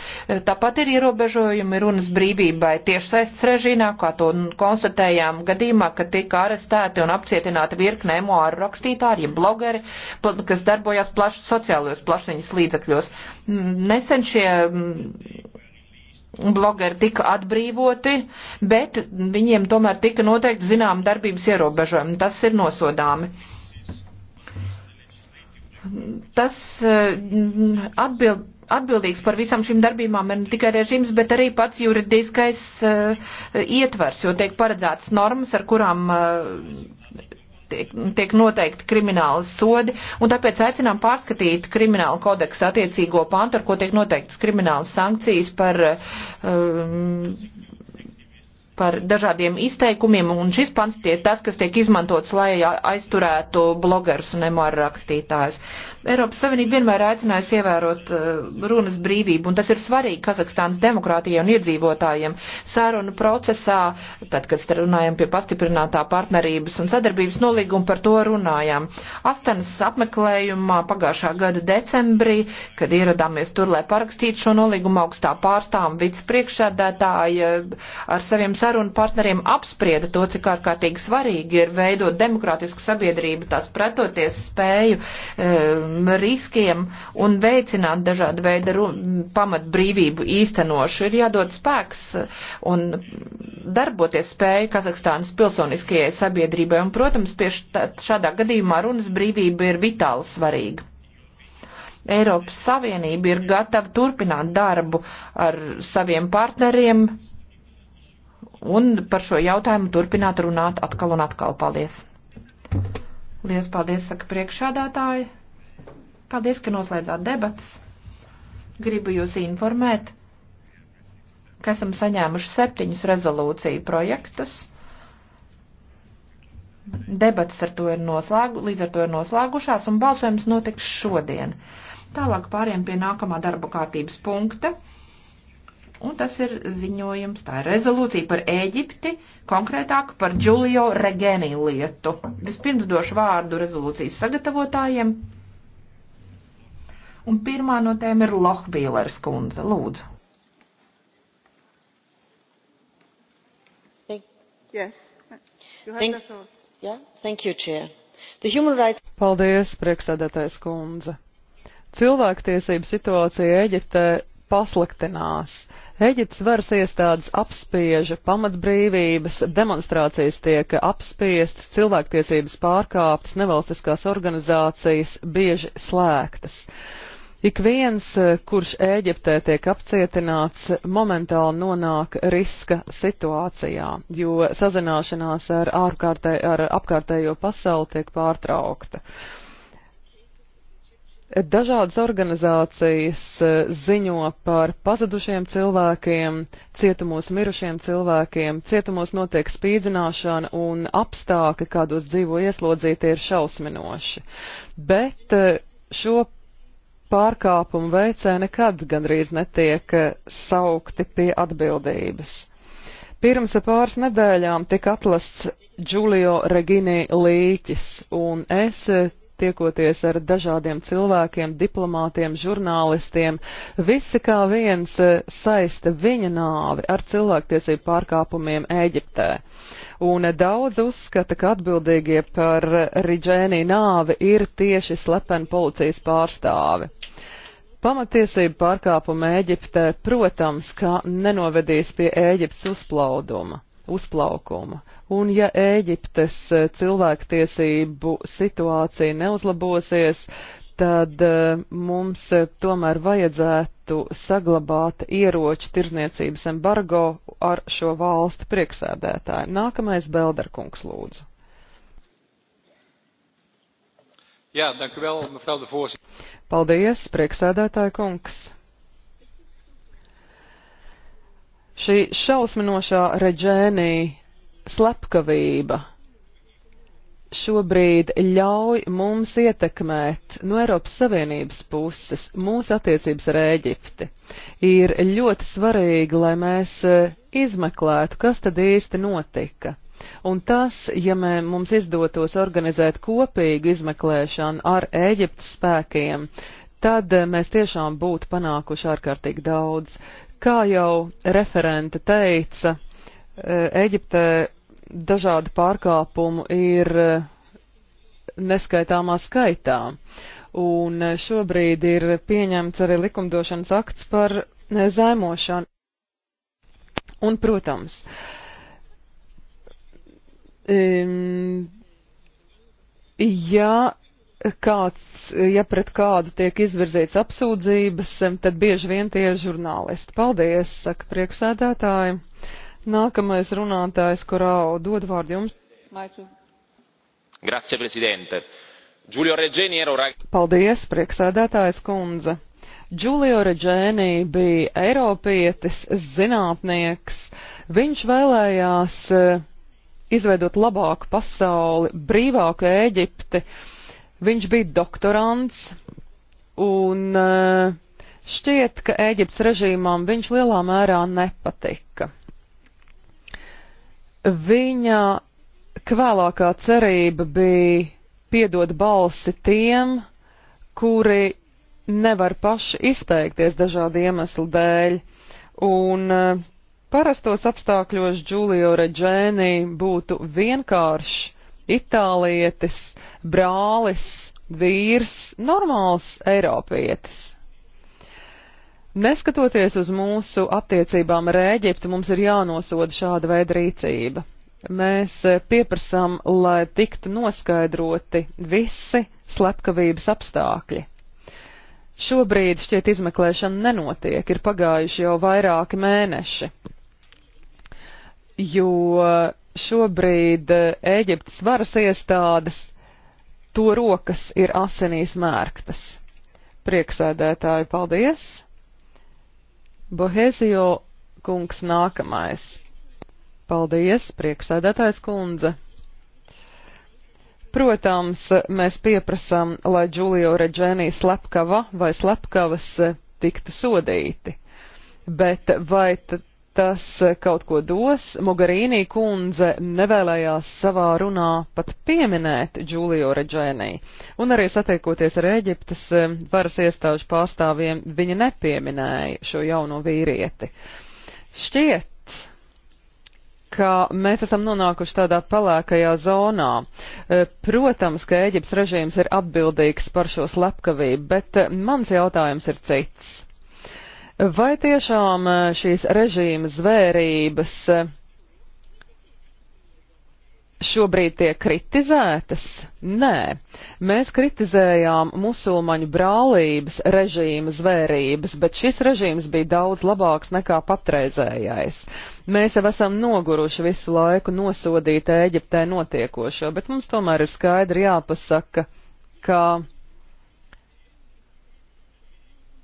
Tāpat ir ierobežojumi runas brīvībai tiešsaistes režīnā, kā to konstatējām gadījumā, ka tika arestēti un apcietināti virkne emuāru rakstītāji, ja blogeri, kas darbojās plaši sociālajos plašiņas līdzekļos. Nesen šie blogeri tika atbrīvoti, bet viņiem tomēr tika noteikti zinām darbības ierobežojumi. Tas ir nosodāmi. Tas e, atbild, atbildīgs par visam šīm darbībām ir ne tikai režīms, bet arī pats juridiskais uh, ietvers, jo tiek paredzētas normas, ar kurām uh, tiek, tiek noteikti krimināli sodi, un tāpēc aicinām pārskatīt kriminālu kodeksu attiecīgo pantu, ar ko tiek noteiktas kriminālas sankcijas par. Um, par dažādiem izteikumiem, un šis pants tie tas, kas tiek izmantots, lai aizturētu blogerus un emāru rakstītājus. Eiropas Savienība vienmēr aicinājusi ievērot uh, runas brīvību, un tas ir svarīgi Kazahstānas demokrātijai un iedzīvotājiem. Sārunu procesā, tad, kad runājam pie pastiprinātā partnerības un sadarbības nolīguma, par to runājām. Astanas apmeklējumā pagājušā gada decembrī, kad ieradāmies tur, lai parakstītu šo nolīgumu augstā pārstāvam vicepriekšēdētāja ar saviem sarunu partneriem apsprieda to, cik ārkārtīgi svarīgi ir veidot demokrātisku sabiedrību, tās pretoties spēju. Um, riskiem un veicināt dažādu veidu pamatbrīvību īstenošu. Ir jādod spēks un darboties spēju Kazahstānas pilsoniskajai sabiedrībai. Un, protams, šādā gadījumā runas brīvība ir vitāli svarīga. Eiropas Savienība ir gatava turpināt darbu ar saviem partneriem un par šo jautājumu turpināt runāt atkal un atkal. Paldies! Lies paldies, saka priekšādātāji! Paldies, ka noslēdzāt debatas. Gribu jūs informēt, ka esam saņēmuši septiņus rezolūciju projektus. Debats ar to ir noslēgu, līdz ar to ir noslēgušās un balsojums notiks šodien. Tālāk pāriem pie nākamā darba kārtības punkta un tas ir ziņojums, tā ir rezolūcija par Ēģipti, konkrētāk par Giulio Regeni lietu. Vispirms došu vārdu rezolūcijas sagatavotājiem un pirmā no tēm ir Lohbīlers kundze. Lūdzu. Thank, yes. Thank, yeah, thank you, Chair. The human rights... Paldies, priekšsēdētājs kundze. Cilvēktiesība situācija Eģiptē pasliktinās. Eģiptes varas iestādes apspieža pamatbrīvības, demonstrācijas tiek apspiestas, cilvēktiesības pārkāptas, nevalstiskās organizācijas bieži slēgtas. Ik viens, eh, kurš Ēģiptē tiek apcietināts, momentāli nonāk riska situācijā, jo sazināšanās ar, ārkārtē, ar apkārtējo pasauli tiek pārtraukta. Dažādas organizācijas eh, ziņo par pazudušiem cilvēkiem, cietumos mirušiem cilvēkiem, cietumos notiek spīdzināšana un apstākļi, kādos dzīvo ieslodzītie, ir šausminoši. Bet eh, šo pārkāpumu veicēji nekad gandrīz netiek eh, saukti pie atbildības. Pirms pāris nedēļām tika atlasts Giulio Regini līķis, un es eh, tiekoties ar dažādiem cilvēkiem, diplomātiem, žurnālistiem, visi kā viens eh, saista viņa nāvi ar cilvēktiesību pārkāpumiem Ēģiptē. Uh, un daudz uzskata, ka atbildīgie par Riģēnī nāvi ir tieši slepeni policijas pārstāvi. Pamatiesība pārkāpuma Ēģiptē, protams, ka nenovedīs pie Ēģiptes uzplauduma uzplaukuma. Un ja Ēģiptes cilvēktiesību situācija neuzlabosies, tad eh, mums tomēr vajadzētu saglabāt ieroču tirzniecības embargo ar šo valstu prieksēdētāju. Nākamais Belderkungs lūdzu. Jā, dank vēl, mevrouw de voorzitter. Paldies, prieksēdētāja kungs. Šī šausminošā reģēnī slepkavība šobrīd ļauj mums ietekmēt no Eiropas Savienības puses mūsu attiecības ar Ēģipti. Ir ļoti svarīgi, lai mēs e, izmeklētu, kas tad īsti notika. Un tas, ja mē, mums izdotos organizēt kopīgu izmeklēšanu ar Ēģiptes spēkiem, tad e, mēs tiešām būtu panākuši ārkārtīgi daudz. Kā jau referente teica, e, Ēģiptē dažādu pārkāpumu ir eh, neskaitāmā skaitā. Un eh, šobrīd ir pieņemts arī likumdošanas akts par eh, zaimošanu. Un, protams, um, ja kāds, ja pret kādu tiek izvirzīts apsūdzības, tad bieži vien tie ir žurnālisti. Paldies, saka priekšsēdētāji. Nākamais runātājs, kurā dod vārdu jums. Grazie, prezidente. Giulio Regeni era un... Paldies, prieksēdētājs kundze. Giulio Regeni bija Eiropietis, zinātnieks. Viņš vēlējās eh, izveidot labāku pasauli, brīvāku Ēģipti. Viņš bija doktorants un eh, šķiet, ka Ēģiptes režīmām viņš lielā mērā nepatika. Viņa kvēlākā cerība bija piedot balsi tiem, kuri nevar paši izteikties dažādu iemeslu dēļ, un eh, parastos apstākļos Giulio Reģēnī būtu vienkāršs itālietis, brālis, vīrs, normāls eiropietis. Neskatoties uz mūsu attiecībām ar Ēģipti, mums ir jānosoda šāda veida rīcība. Mēs eh, pieprasām, lai tiktu noskaidroti visi slepkavības apstākļi. Šobrīd šķiet izmeklēšana nenotiek, ir pagājuši jau vairāki mēneši, jo šobrīd eh, Ēģiptes varas iestādes to rokas ir asinīs mērktas. Prieksēdētāji, paldies! Bohezio kungs nākamais. Paldies, prieksēdētājs kundze. Protams, mēs pieprasām, lai Giulio Reģēnī slepkava vai slepkavas eh, tiktu sodīti, bet vai tad tas eh, kaut ko dos. Mogarīnī kundze nevēlējās savā runā pat pieminēt Džulio Reģēnī, un arī satiekoties ar Eģiptes eh, varas iestāžu pārstāvjiem, viņa nepieminēja šo jauno vīrieti. Šķiet, ka mēs esam nonākuši tādā palēkajā zonā. Eh, protams, ka Eģiptes režīms ir atbildīgs par šo slepkavību, bet mans jautājums ir cits Vai tiešām eh, šīs režīma zvērības eh, šobrīd tiek kritizētas? Nē, mēs kritizējām musulmaņu brālības režīma zvērības, bet šis režīms bija daudz labāks nekā patreizējais. Mēs jau esam noguruši visu laiku nosodīt Ēģiptē notiekošo, bet mums tomēr ir skaidri jāpasaka, ka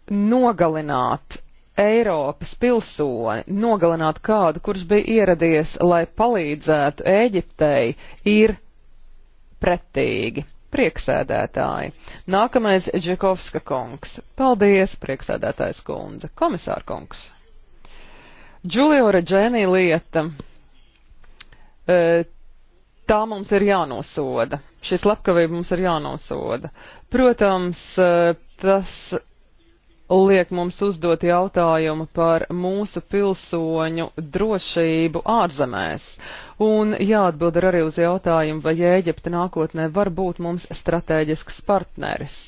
nogalināt Eiropas pilsoni, nogalināt kādu, kurš bija ieradies, lai palīdzētu Ēģiptei, ir pretīgi. Prieksēdētāji. Nākamais Džekovska kungs. Paldies, prieksēdētājs kundze. Komisār kungs. Džulio Reģēnī lieta. E, tā mums ir jānosoda. Šis lapkavība mums ir jānosoda. Protams, e, tas liek mums uzdot jautājumu par mūsu pilsoņu drošību ārzemēs. Un jāatbild arī uz jautājumu, vai Ēģipte nākotnē var būt mums strateģisks partneris.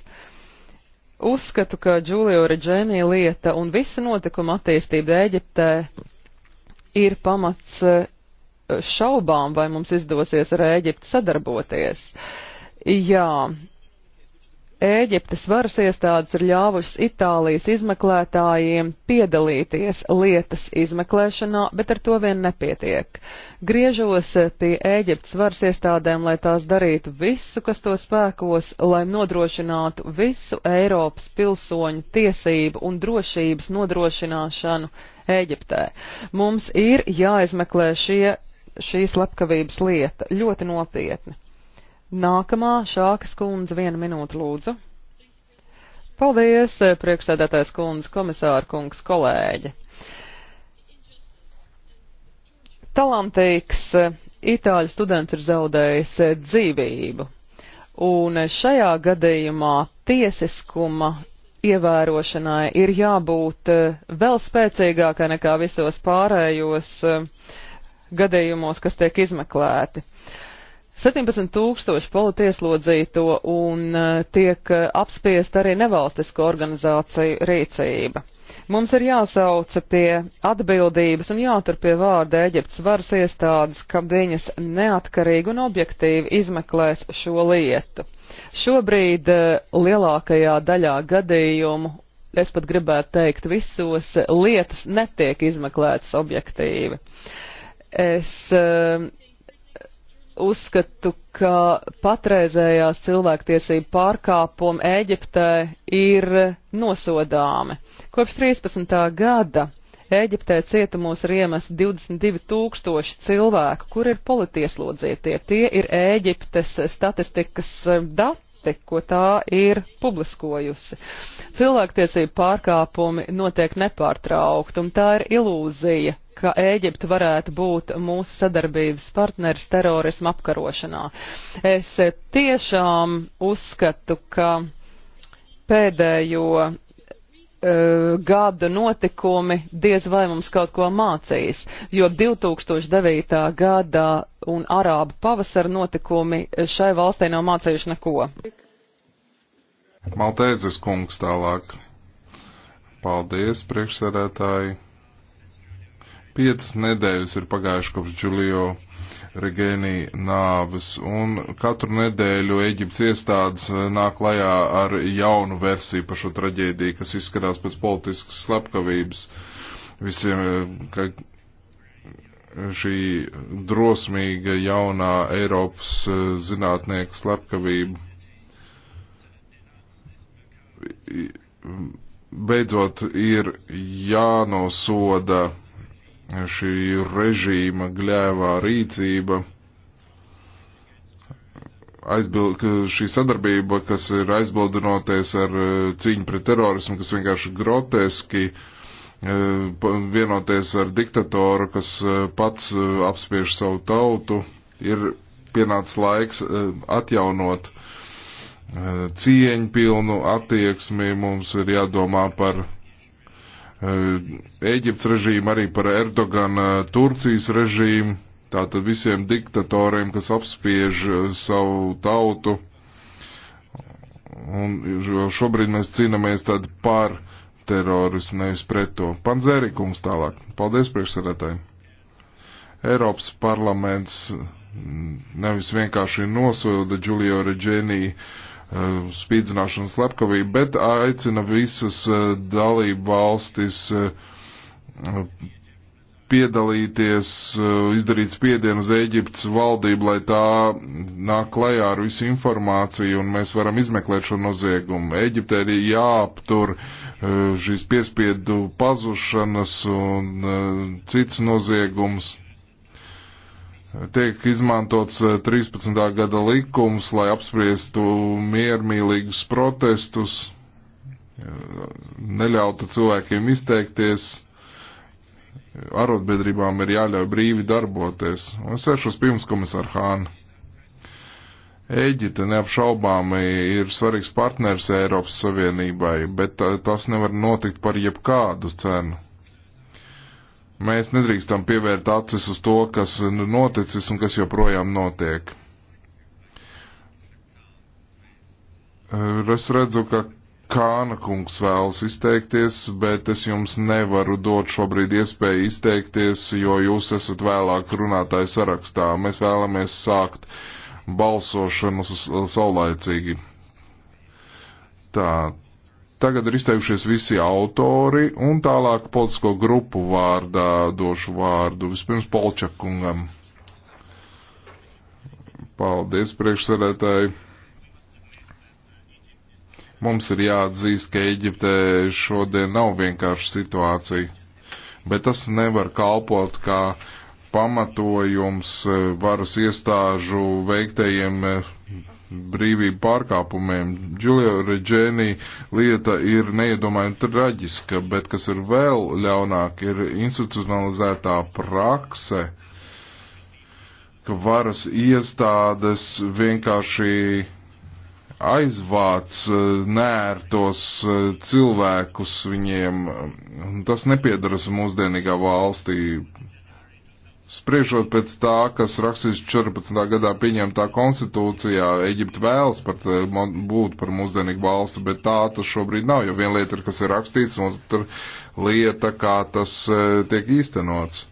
Uzskatu, ka Džulio Reģēnī lieta un visa notikuma attīstība Ēģiptē ir pamats eh, šaubām, vai mums izdosies ar Ēģipti sadarboties. Jā, Ēģiptes varas iestādes ir ļāvušas Itālijas izmeklētājiem piedalīties lietas izmeklēšanā, bet ar to vien nepietiek. Griežos pie Ēģiptes varas iestādēm, lai tās darītu visu, kas to spēkos, lai nodrošinātu visu Eiropas pilsoņu tiesību un drošības nodrošināšanu Ēģiptē. Mums ir jāizmeklē šie, šīs lepkavības lieta ļoti nopietni. Nākamā šākas kundze viena minūte lūdzu. Paldies, eh, priekšsēdētājs kundze, komisāra kungs, kolēģi. Talantīgs eh, itāļu students ir zaudējis eh, dzīvību, un šajā gadījumā tiesiskuma ievērošanai ir jābūt vēl spēcīgākai nekā visos pārējos gadījumos, kas tiek izmeklēti. Uh, 17 tūkstoši politieslodzīto un e, tiek e, apspiest arī nevalstisko organizāciju rīcība. Mums ir jāsauca pie atbildības un jātur pie vārda Eģiptes varas iestādes, ka viņas neatkarīgi un objektīvi izmeklēs šo lietu. Šobrīd e, lielākajā daļā gadījumu, es pat gribētu teikt, visos lietas netiek izmeklētas objektīvi. Es uzskatu, ka patreizējās cilvēktiesību pārkāpumi Ēģiptē ir nosodāmi. Kopš 13. gada Ēģiptē cietumos ir iemesti 22 tūkstoši cilvēku, kur ir politieslodzītie. Tie ir Ēģiptes statistikas dati, ko tā ir publiskojusi. Cilvēktiesību pārkāpumi notiek nepārtraukti, un tā ir ilūzija, ka Ēģipte varētu būt mūsu sadarbības partneris terorismu apkarošanā. Es tiešām uzskatu, ka pēdējo e, gada notikumi diez vai mums kaut ko mācīs, jo 2009. gadā un Arābu pavasara notikumi šai valstī nav mācījuši neko. Maltēzes kungs tālāk. Paldies, priekšsēdētāji. Piecas nedēļas ir pagājuši kopš Džulio Regēnī nāves, un katru nedēļu Eģiptes iestādes eh, nāk lajā ar jaunu versiju par šo traģēdiju, kas izskatās pēc politiskas slepkavības. Visiem, eh, ka šī drosmīga jaunā Eiropas eh, zinātnieka slepkavība beidzot ir jānosoda šī režīma gļēvā rīcība, aizbild, šī sadarbība, kas ir aizbildinoties ar e, cīņu pret terorismu, kas vienkārši groteski e, vienoties ar diktatoru, kas e, pats apspiež savu tautu, ir pienācis laiks atjaunot cieņpilnu attieksmi, mums ir jādomā par Eh, Ēģipts režīmu, arī par Erdogana eh, Turcijas režīmu, tātad visiem diktatoriem, kas apspiež eh, savu tautu. Un šobrīd mēs cīnāmies tad par terorismu, nevis pret to. Panzērikums tālāk. Paldies priekšsēdētāji. Eiropas parlaments mm, nevis vienkārši nosoda Giulio Reģēniju Uh, spīdzināšanu slepkavību, bet aicina visas uh, dalību valstis uh, piedalīties, izdarīt spiedienu uz Eģiptes valdību, lai tā nāk klajā ar visu informāciju un mēs varam izmeklēt šo noziegumu. Eģipte arī jāaptur šīs piespiedu pazušanas un cits noziegums tiek izmantots 13. Eh, gada likums, lai apspriestu miermīlīgus protestus, eh, neļautu cilvēkiem izteikties. Arotbiedrībām ir jāļauj brīvi darboties. Un es vēršos pie jums, komisār Hāna. Ēģipte neapšaubāmi ir svarīgs partners Eiropas Savienībai, bet eh, tas nevar notikt par jebkādu cenu. Mēs nedrīkstam pievērt acis uz to, kas noticis un kas joprojām notiek. Es redzu, ka Kāna kungs vēlas izteikties, bet es jums nevaru dot šobrīd iespēju izteikties, jo jūs esat vēlāk runātāju sarakstā. Mēs vēlamies sākt balsošanu saulaicīgi. Tā, Tagad ir izteikušies visi autori un tālāk politisko grupu vārdā došu vārdu. Vispirms Polčakungam. Paldies, priekšsarētāji. Mums ir jāatzīst, ka Eģiptē šodien nav vienkārši situācija, bet tas nevar kalpot kā pamatojums varas iestāžu veiktajiem brīvību pārkāpumiem. Giulio Reģēnī lieta ir neiedomājami traģiska, bet kas ir vēl ļaunāk, ir institucionalizētā prakse, ka varas iestādes vienkārši aizvāc eh, nērtos eh, cilvēkus viņiem. Tas nepiedaras mūsdienīgā valstī. Spriežot pēc tā, kas rakstīts 14. gadā pieņemtā konstitūcijā, Eģipte vēlas pat būt par mūsdienīgu valsti, bet tā tas šobrīd nav, jo viena lieta ir, kas ir rakstīts, un otra lieta, kā tas e, tiek īstenots.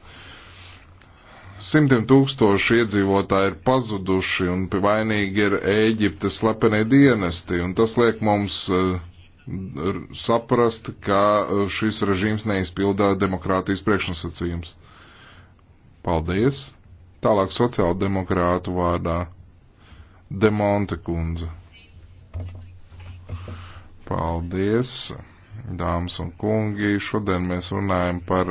Simtiem tūkstoši iedzīvotāji ir pazuduši, un vainīgi ir Eģiptes slepenie dienesti, un tas liek mums e, saprast, ka e, šis režīms neizpildā demokrātijas priekšnosacījums. Paldies. Tālāk sociāldemokrātu vārdā Demonte kundze. Paldies, dāmas un kungi. Šodien mēs runājam par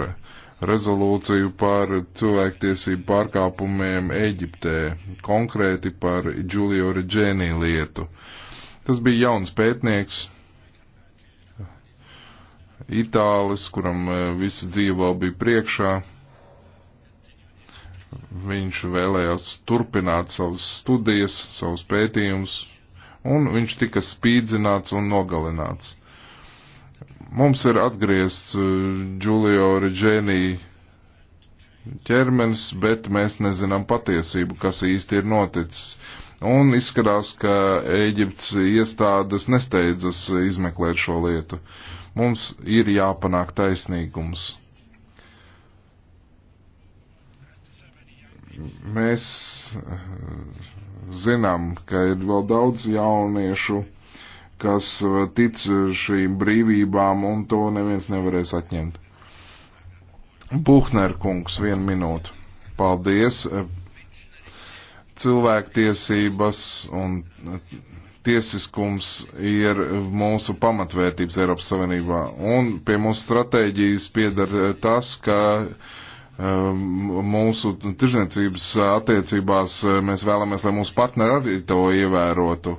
rezolūciju par cilvēktiesību pārkāpumiem Eģiptē, konkrēti par Giulio Reģēnī lietu. Tas bija jauns pētnieks, itālis, kuram eh, visa dzīve vēl bija priekšā, Viņš vēlējās turpināt savus studijas, savus pētījumus, un viņš tika spīdzināts un nogalināts. Mums ir atgriezts uh, Giulio Reģēnī ķermenis, bet mēs nezinām patiesību, kas īsti ir noticis. Un izskatās, ka Ēģiptes iestādes nesteidzas izmeklēt šo lietu. Mums ir jāpanāk taisnīgums. mēs eh, zinām, ka ir vēl daudz jauniešu, kas eh, tic šīm brīvībām, un to neviens nevarēs atņemt. Buhner kungs, vienu minūtu. Paldies. Cilvēktiesības un tiesiskums ir mūsu pamatvērtības Eiropas Savienībā, un pie mūsu stratēģijas piedara tas, ka uh, Ehm, mūsu tirzniecības attiecībās eh, mēs vēlamies, lai mūsu partneri arī to ievērotu.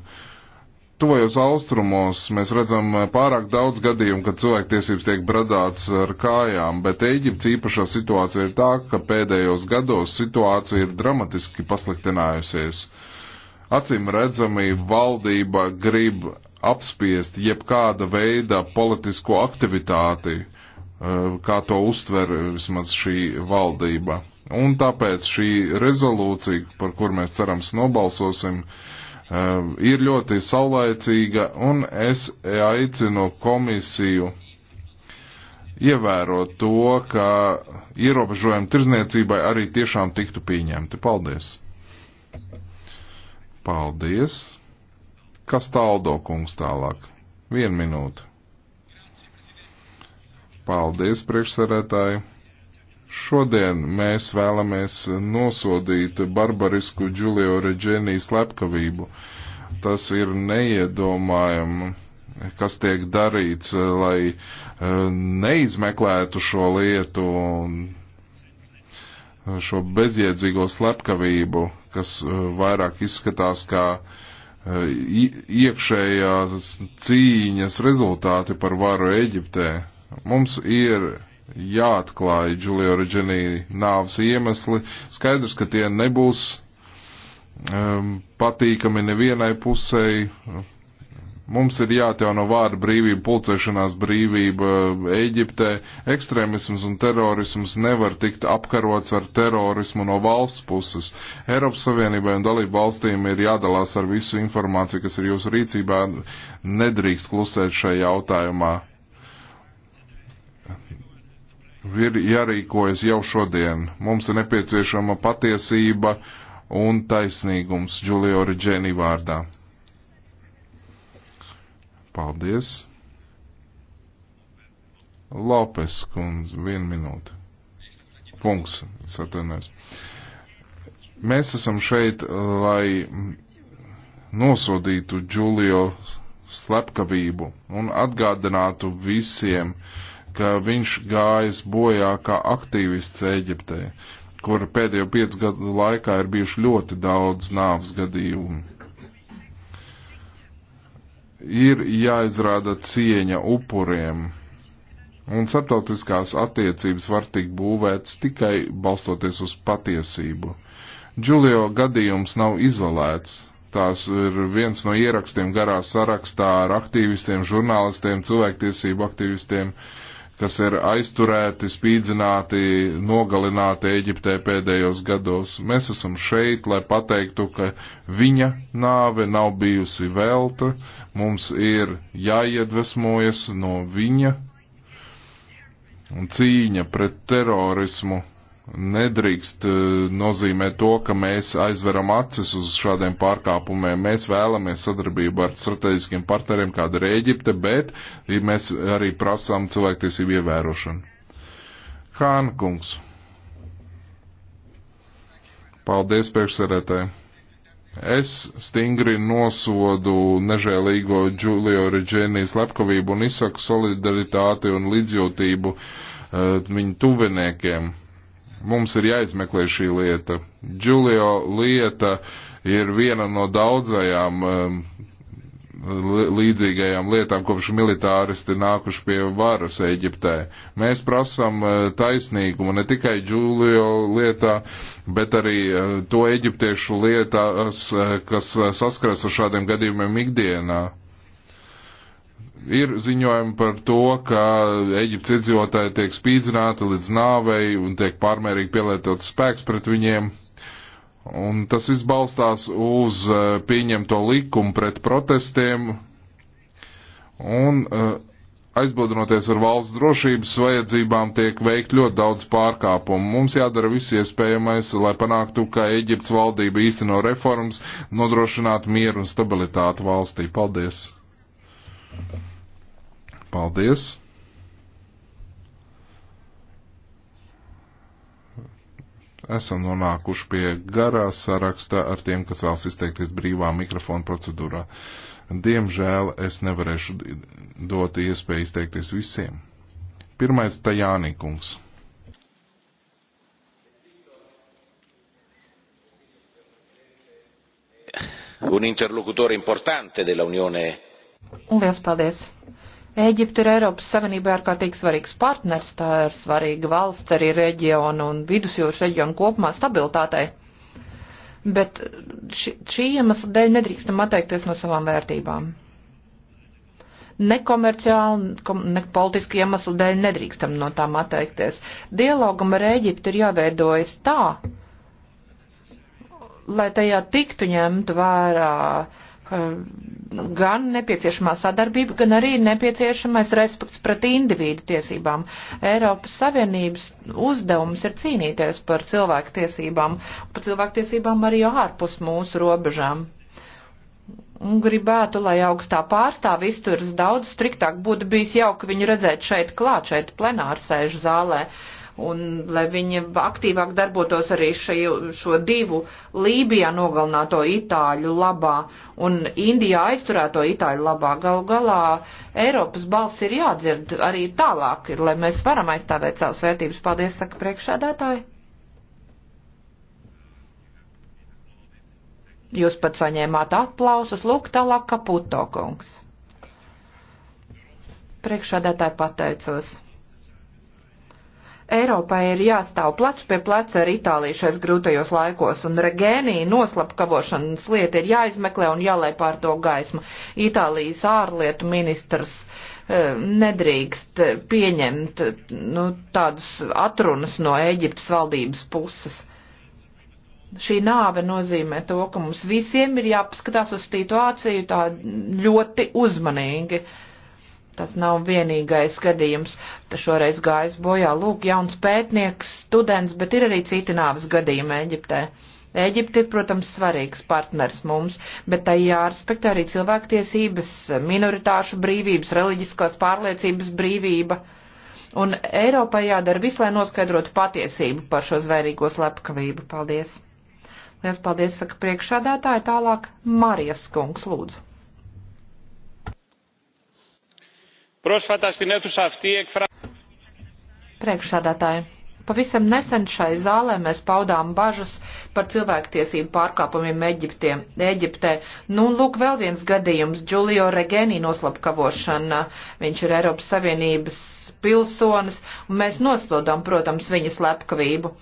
Tuvajos austrumos mēs redzam eh, pārāk daudz gadījumu, kad cilvēktiesības tiek bradāts ar kājām, bet Eģipts īpašā situācija ir tā, ka pēdējos gados situācija ir dramatiski pasliktinājusies. Acīm redzami valdība grib apspiest jebkāda veida politisko aktivitāti, uh, Eh, kā to uztver vismaz šī valdība. Un tāpēc šī rezolūcija, par kur mēs cerams nobalsosim, eh, ir ļoti saulaicīga, un es aicinu komisiju ievērot to, ka ierobežojumi tirzniecībai arī tiešām tiktu pieņemti. Paldies! Paldies! Kas tāldo kungs tālāk? Vienu minūti. Paldies, priekšsarētāji! Šodien mēs vēlamies nosodīt barbarisku Giulio Reģēnijas slepkavību. Tas ir neiedomājami, kas tiek darīts, lai eh, neizmeklētu šo lietu un eh, šo bezjēdzīgo slepkavību, kas eh, vairāk izskatās kā iekšējās cīņas rezultāti par varu Eģiptē. Mums ir jāatklāja Džulio Reģenī nāvs iemesli. Skaidrs, ka tie nebūs um, patīkami nevienai pusēji. Mums ir jāatjauno vārda brīvība, pulcēšanās brīvība Eģiptē. Ekstrēmisms un terorisms nevar tikt apkarots ar terorismu no valsts puses. Eiropas Savienībai un dalību valstīm ir jādalās ar visu informāciju, kas ir jūsu rīcībā. Nedrīkst klusēt šajā jautājumā ir jārīkojas jau šodien. Mums ir nepieciešama patiesība un taisnīgums Giulio Reģēni vārdā. Paldies. Lopes kundze, vienu minūti. Punkts, satanēs. Mēs esam šeit, lai nosodītu Giulio slepkavību un atgādinātu visiem, uh, ka viņš gājas bojā kā aktīvists Eģiptē, kur pēdējo piecu gadu laikā ir bijuši ļoti daudz nāvs gadījumu. Ir jāizrāda cieņa upuriem, un starptautiskās attiecības var tikt būvētas tikai balstoties uz patiesību. Džulio gadījums nav izolēts. Tās ir viens no ierakstiem garā sarakstā ar aktīvistiem, žurnālistiem, cilvēktiesību aktīvistiem, uh, kas ir aizturēti, spīdzināti, nogalināti Eģiptē pēdējos gados. Mēs esam šeit, lai pateiktu, ka viņa nāve nav bijusi velta, mums ir jāiedvesmojas no viņa, un cīņa pret terorismu nedrīkst eh, nozīmēt to, ka mēs aizveram acis uz šādiem pārkāpumiem. Mēs vēlamies sadarbību ar strateģiskiem partneriem, kāda ir Ēģipte, bet mēs arī prasām cilvēktiesību ievērošanu. Hānkungs. Paldies, priekšsēdētāji. Es stingri nosodu nežēlīgo Giulio Reģēnī slepkavību un izsaku solidaritāti un līdzjūtību uh, viņu tuviniekiem. Uh, Mums ir jāizmeklē šī lieta. Džulio lieta ir viena no daudzajām um, līdzīgajām lietām, kopš militāristi nākuši pie varas Eģiptē. Mēs prasām uh, taisnīgumu ne tikai Džulio lietā, bet arī uh, to eģiptiešu lietās, uh, kas saskaras ar šādiem gadījumiem ikdienā. Ir ziņojumi par to, ka Eģiptes iedzīvotāji tiek spīdzināti līdz nāvei un tiek pārmērīgi pielietots spēks pret viņiem. Un tas viss balstās uz eh, pieņemto likumu pret protestiem un eh, aizbildinoties ar valsts drošības vajadzībām tiek veikt ļoti daudz pārkāpumu. Mums jādara viss iespējamais, lai panāktu, ka Eģiptes valdība īsteno reformas, nodrošinātu mieru un stabilitātu valstī. Paldies! Paldies! Esam nonākuši pie garā saraksta ar tiem, kas vēlas izteikties brīvā mikrofona procedūrā. Diemžēl es nevarēšu dot iespēju izteikties visiem. Pirmais - Tajānīkums. Un interlocutore importante della Unione Un liels paldies! Ēģipte ir Eiropas Savienībā ārkārtīgi svarīgs partners, tā ir svarīga valsts arī reģionu un vidusjūras reģionu kopumā stabilitātei. Bet ši, šī iemesla dēļ nedrīkstam atteikties no savām vērtībām. Nekomerciāli, ne politiski iemeslu dēļ nedrīkstam no tām atteikties. Dialogam ar Ēģipti ir jāveidojas tā, lai tajā tiktu ņemt vērā uh, Ehm, gan nepieciešamā sadarbība, gan arī nepieciešamais respekts pret individu tiesībām. Eiropas Savienības uzdevums ir cīnīties par cilvēku tiesībām, par cilvēku tiesībām arī ārpus mūsu robežām. Un gribētu, lai augstā pārstāve izturas daudz striktāk, būtu bijis jauki viņu redzēt šeit klāt, šeit plenārsēžu zālē. Uh, un lai viņi aktīvāk darbotos arī šajo, šo divu Lībijā nogalināto itāļu labā un Indijā aizturēto itāļu labā. Galu galā Eiropas balss ir jādzird arī tālāk, lai mēs varam aizstāvēt savas vērtības. Paldies, saka priekšsēdētāji. Jūs pat saņēmāt aplausus, lūk, tālāk Kaputo kungs. Priekšādātāji pateicos. Eiropai ir jāstāv plecu pie pleca ar Itāliju šais grūtajos laikos, un regēnija noslapkavošanas lieta ir jāizmeklē un jālai pār to gaismu. Itālijas ārlietu ministrs eh, nedrīkst eh, pieņemt nu, tādus atrunas no Eģiptes valdības puses. Šī nāve nozīmē to, ka mums visiem ir jāpaskatās uz situāciju tā ļoti uzmanīgi. Uh, Tas nav vienīgais gadījums, tas šoreiz gājis bojā. Lūk, jauns pētnieks, students, bet ir arī citi nāves gadījumi Eģiptē. Eģipte ir, protams, svarīgs partners mums, bet tai jārespektē arī cilvēktiesības, minoritāšu brīvības, reliģiskās pārliecības brīvība. Un Eiropai jādara viss, lai noskaidrotu patiesību par šo zvērīgo slepkavību. Paldies! Liels paldies, saka priekšādātāji, tālāk Marijas kungs lūdzu. Πρόσφατα στην αίθουσα αυτή εκφράσαμε. Priekšsādātāji, pavisam nesen šai zālē mēs paudām bažas par cilvēktiesību pārkāpumiem Eģiptiem, Eģiptē. Nu, lūk, vēl viens gadījums - Giulio Regeni noslapkavošana. Viņš ir Eiropas Savienības pilsonis, un mēs nostodam, protams, viņa slepkavību.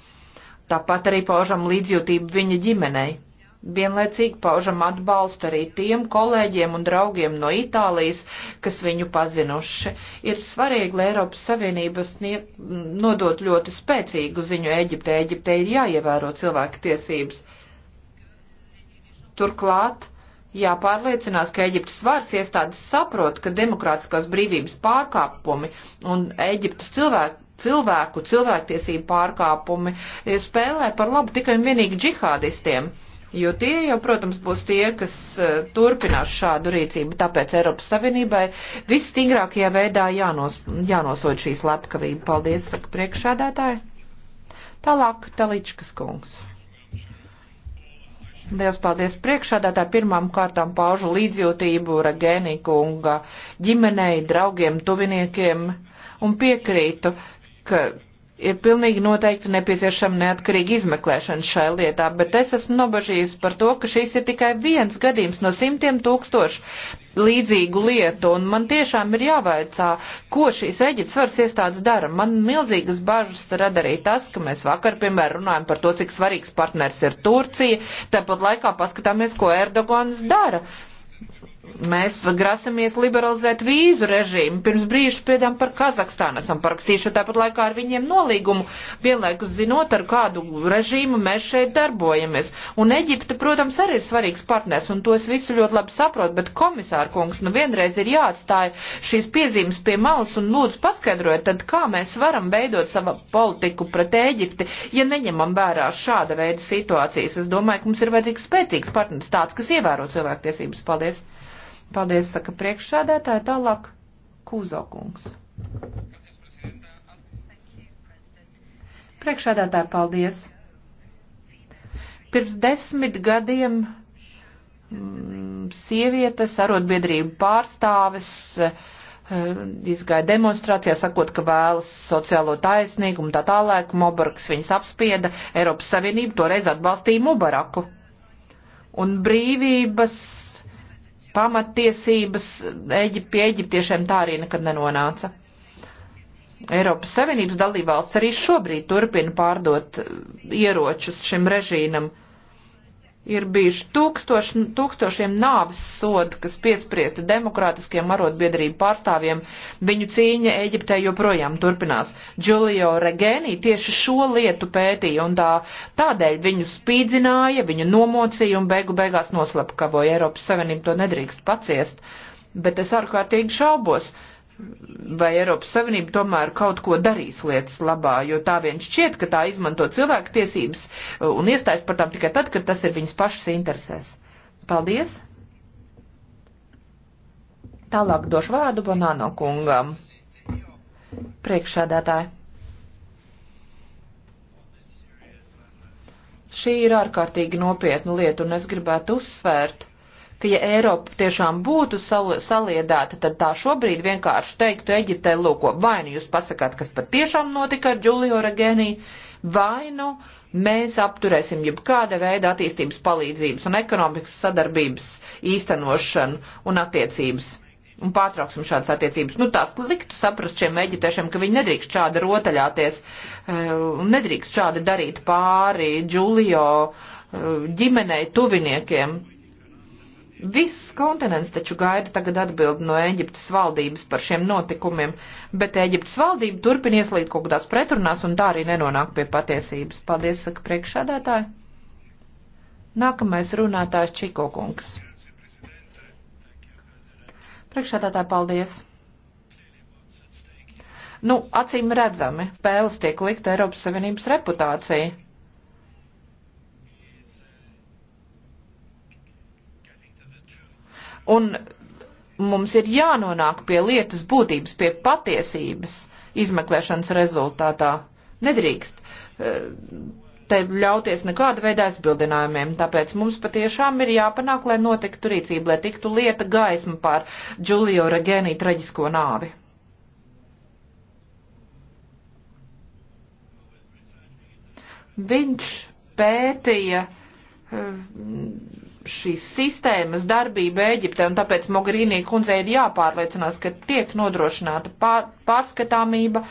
Tāpat arī paužam līdzjūtību viņa ģimenei vienlaicīgi paužam atbalstu arī tiem kolēģiem un draugiem no Itālijas, kas viņu pazinuši. Ir svarīgi, lai Eiropas Savienība nodot ļoti spēcīgu ziņu Eģiptē. Eģiptē ir jāievēro cilvēku tiesības. Turklāt jāpārliecinās, ka Eģiptes varas iestādes saprot, ka demokrātiskās brīvības pārkāpumi un Eģiptes cilvēku cilvēku, cilvēktiesību pārkāpumi spēlē par labu tikai un vienīgi džihādistiem. Jo tie jau, protams, būs tie, kas eh, turpinās šādu rīcību, tāpēc Eiropas Savienībai visstingrākajā veidā jānos, jānosod šī slepkavība. Paldies, saka priekšādātāji. Tālāk Taličkas kungs. Liels paldies priekšādātāji pirmām kārtām paužu līdzjūtību Ragēnī kunga ģimenei, draugiem, tuviniekiem un piekrītu, ka ir pilnīgi noteikti nepieciešama neatkarīga izmeklēšana šajā lietā, bet es esmu nobažījis par to, ka šīs ir tikai viens gadījums no simtiem tūkstošu līdzīgu lietu, un man tiešām ir jāvaicā, ko šīs Eģiptes varas iestādes dara. Man milzīgas bažas rada arī tas, ka mēs vakar, piemēram, runājam par to, cik svarīgs partners ir Turcija, tāpat laikā paskatāmies, ko Erdogans dara. Uh, Mēs grasamies liberalizēt vīzu režīmu. Pirms brīža spiedām par Kazahstānu. Esam parakstījuši tāpat laikā ar viņiem nolīgumu, vienlaikus zinot, ar kādu režīmu mēs šeit darbojamies. Un Eģipte, protams, arī ir svarīgs partners, un to es visu ļoti labi saprotu, bet komisāra kungs, nu vienreiz ir jāatstāja šīs piezīmes pie malas un lūdzu paskaidrojiet, tad kā mēs varam veidot savu politiku pret Eģipti, ja neņemam vērā šāda veida situācijas. Es domāju, ka mums ir vajadzīgs spēcīgs partners, tāds, kas ievēro cilvēktiesības. Paldies! Paldies, saka priekšsēdētāja, tālāk Kūzokungs. Priekšsēdētāja, paldies. Pirms desmit gadiem mm, sievietes arotbiedrību pārstāves eh, izgāja demonstrācijā, sakot, ka vēlas sociālo taisnīgumu tā tālāk. Mubaraks viņas apspieda. Eiropas Savienība toreiz atbalstīja Mubaraku. Un brīvības pamattiesības Eģip, pie eģiptiešiem tā arī nekad nenonāca. Eiropas Savienības dalībvalsts arī šobrīd turpina pārdot ieročus šim režīmam ir bijuši tūkstoš, tūkstošiem nāves sodu, kas piespriesti demokrātiskiem arotbiedrību pārstāvjiem. Viņu cīņa Eģiptē joprojām turpinās. Giulio Regeni tieši šo lietu pētīja un tā, tādēļ viņu spīdzināja, viņu nomocīja un beigu beigās noslapkavoja. Eiropas Savienība to nedrīkst paciest. Bet es ārkārtīgi šaubos, vai Eiropas Savienība tomēr kaut ko darīs lietas labā, jo tā vien šķiet, ka tā izmanto cilvēku tiesības uh, un iestājas par tām tikai tad, kad tas ir viņas pašas interesēs. Paldies! Tālāk došu vārdu Bonāno kungam. Priekšsēdētāji. Šī ir ārkārtīgi nopietna lieta, un es gribētu uzsvērt, ka ja Eiropa tiešām būtu saliedēta, tad tā šobrīd vienkārši teiktu Eģiptē, lūk, vai nu jūs pasakāt, kas pat tiešām notika ar Giulio Regeni, vai nu mēs apturēsim jebkāda veida attīstības palīdzības un ekonomikas sadarbības īstenošanu un attiecības. Un pārtrauksim šādas attiecības. Nu, tās liktu saprast šiem eģiptešiem, ka viņi nedrīkst šādi rotaļāties, eh, nedrīkst šādi darīt pāri Giulio eh, ģimenei, tuviniekiem. Viss kontinents taču gaida tagad atbildi no Ēģiptes valdības par šiem notikumiem, bet Ēģiptes valdība turpin ieslīd kaut kādās pretrunās un tā arī nenonāk pie patiesības. Paldies, saka priekšsādātāji. Nākamais runātājs Čiko kungs. Priekšsādātāji, paldies. Nu, acīm redzami, pēles tiek likta Eiropas Savienības reputācija Un mums ir jānonāk pie lietas būtības, pie patiesības izmeklēšanas rezultātā. Nedrīkst eh, te ļauties nekāda veida aizbildinājumiem, tāpēc mums patiešām ir jāpanāk, lai notiktu rīcība, lai tiktu lieta gaisma pār Giulio Regeni traģisko nāvi. Viņš pētīja uh, šīs sistēmas darbība Ēģiptē, un tāpēc Mogherīnī kundze ir jāpārliecinās, ka tiek nodrošināta pār, pārskatāmība.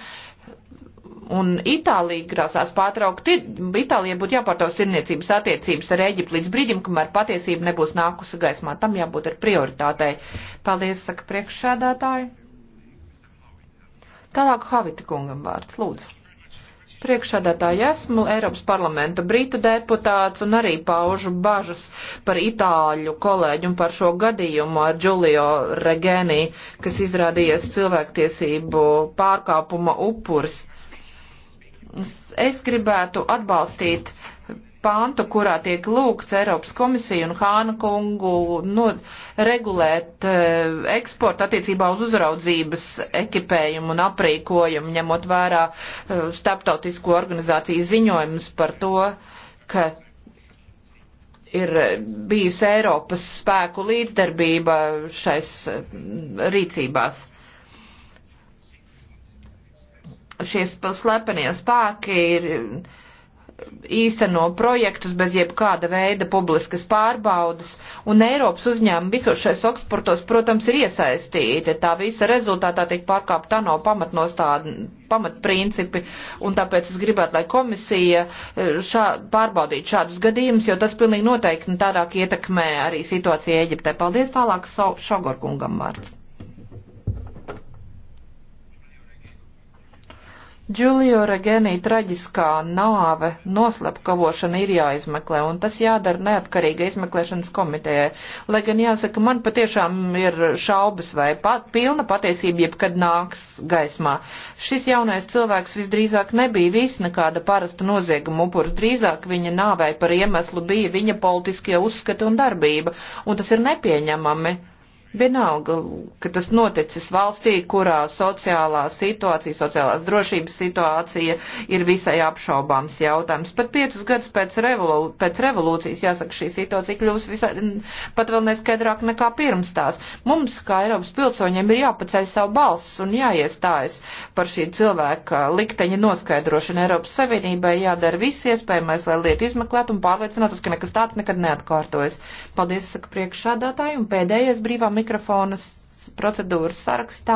Un Itālija grasās pārtraukt, Itālijai būtu jāpārtrauc tirniecības attiecības ar Ēģiptu līdz brīdim, kamēr patiesība nebūs nākusi gaismā. Tam jābūt ar prioritātei. Paldies, saka priekšsēdētāji. Tālāk Havita kungam vārds, lūdzu priekšsēdētāji, esmu Eiropas parlamenta brītu deputāts un arī paužu bažas par itāļu kolēģu un par šo gadījumu ar Giulio Regeni, kas izrādījies cilvēktiesību pārkāpuma upuris. Es gribētu atbalstīt uh, pāntu, kurā tiek lūgts Eiropas komisiju un Hāna kungu no, regulēt e, eksportu attiecībā uz uzraudzības ekipējumu un aprīkojumu, ņemot vērā e, starptautisko organizāciju ziņojumus par to, ka ir bijusi Eiropas spēku līdzdarbība šais e, rīcībās. Šie slepenie spēki ir īsteno projektus bez jebkāda veida publiskas pārbaudas, un Eiropas uzņēmumi visos šais eksportos, protams, ir iesaistīti. Tā visa rezultātā tiek pārkāpta ANO pamatnostāda, pamatprincipi, un tāpēc es gribētu, lai komisija e, šā, pārbaudītu šādus gadījumus, jo tas pilnīgi noteikti tādāk ietekmē arī situāciju Eģiptē. Paldies tālāk Šogorkungam vārds. Giulio Regeni traģiskā nāve noslepkavošana ir jāizmeklē, un tas jādara neatkarīga izmeklēšanas komitejai. Lai gan jāsaka, man patiešām ir šaubas, vai pat pilna patiesība jebkad nāks gaismā. Šis jaunais cilvēks visdrīzāk nebija viss nekāda parasta nozieguma upurs, drīzāk viņa nāvei par iemeslu bija viņa politiskie uzskati un darbība, un tas ir nepieņemami Vienalga, ka tas noticis valstī, kurā sociālā situācija, sociālās drošības situācija ir visai apšaubāms jautājums. Pat piecus gadus pēc, revolu, pēc revolūcijas, jāsaka, šī situācija kļūs visai, pat vēl neskaidrāk nekā pirms tās. Mums, kā Eiropas pilsoņiem, ir jāpaceļ savu balss un jāiestājas par šī cilvēka likteņa noskaidrošanu Eiropas Savienībai, jādara viss iespējamais, lai lietu izmeklētu un pārliecinātos, ka nekas tāds nekad neatkārtojas. Paldies, saka priekšādātāji, un pēdējais brīvā mikrofona mikrofonas procedūras sarakstā.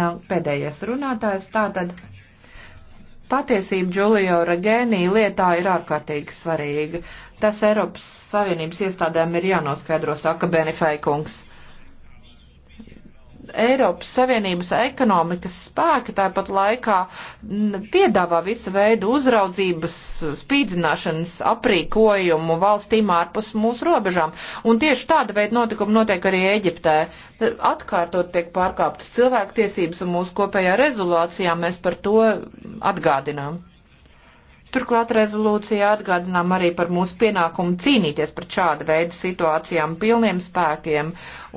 Nav pēdējais runātājs, tātad patiesība Džulio Ragēnī lietā ir ārkārtīgi svarīga. Tas Eiropas Savienības iestādēm ir jānoskaidro, saka Benifeikungs. Eiropas Savienības ekonomikas spēki tāpat laikā piedāvā visu veidu uzraudzības, spīdzināšanas aprīkojumu valstīm ārpus mūsu robežām. Un tieši tāda veida notikumi notiek arī Eģiptē. Atkārtot tiek pārkāptas cilvēktiesības un mūsu kopējā rezolācijā mēs par to atgādinām. Turklāt rezolūcijā atgādinām arī par mūsu pienākumu cīnīties par šādu veidu situācijām pilniem spēkiem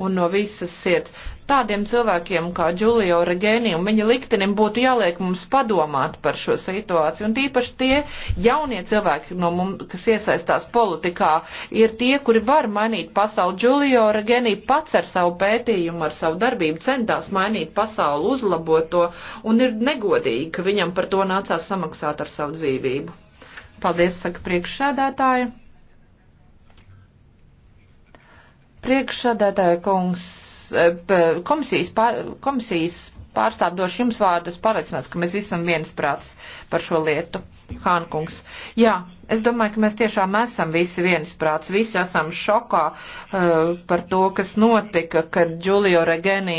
un no visas sirds tādiem cilvēkiem kā Giulio Regēni un viņa liktenim būtu jāliek mums padomāt par šo situāciju. Un tīpaši tie jaunie cilvēki, no mums, kas iesaistās politikā, ir tie, kuri var mainīt pasauli. Giulio Regēni pats ar savu pētījumu, ar savu darbību centās mainīt pasauli, uzlabot to, un ir negodīgi, ka viņam par to nācās samaksāt ar savu dzīvību. Paldies, saka priekšsēdētāji. Priekšsēdētāja kungs komisijas, pār, komisijas pārstāvdošu jums vārdus pārliecinās, ka mēs visam viensprāts par šo lietu, Hānkungs. Jā, Es domāju, ka mēs tiešām esam visi viensprāts, visi esam šokā uh, par to, kas notika, kad Giulio Regeni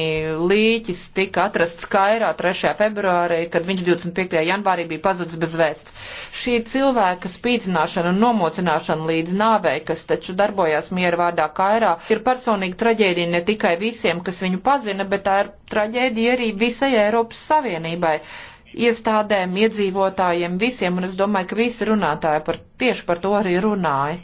līķis tika atrasts Kairā 3. februārī, kad viņš 25. janvārī bija pazudis bez vēsts. Šī cilvēka spīdzināšana un nomocināšana līdz nāvei, kas taču darbojās miera vārdā Kairā, ir personīga traģēdija ne tikai visiem, kas viņu pazina, bet tā ir traģēdija arī visai Eiropas Savienībai. Uh, iestādēm, iedzīvotājiem, visiem, un es domāju, ka visi runātāji par, tieši par to arī runāja.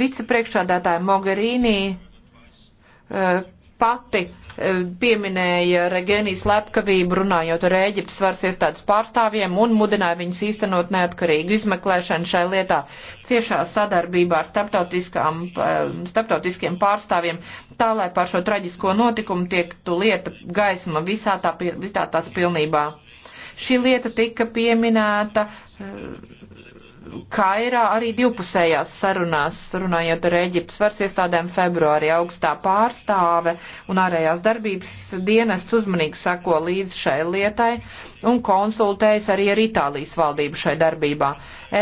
Vicepriekšādātāja Mogherīnī eh, pati eh, pieminēja Regenijas lepkavību, runājot ar Ēģiptes varas iestādes pārstāvjiem un mudināja viņus īstenot neatkarīgu izmeklēšanu šai lietā ciešā sadarbībā ar eh, starptautiskiem pārstāvjiem, tā lai par šo traģisko notikumu tiektu lieta gaisma visā, tā, visā tās pilnībā. Šī lieta tika pieminēta eh, Kairā arī divpusējās sarunās, runājot ar Eģiptes varas iestādēm februārī augstā pārstāve un ārējās darbības dienests uzmanīgi sako līdz šai lietai un konsultējas arī ar Itālijas valdību šai darbībā.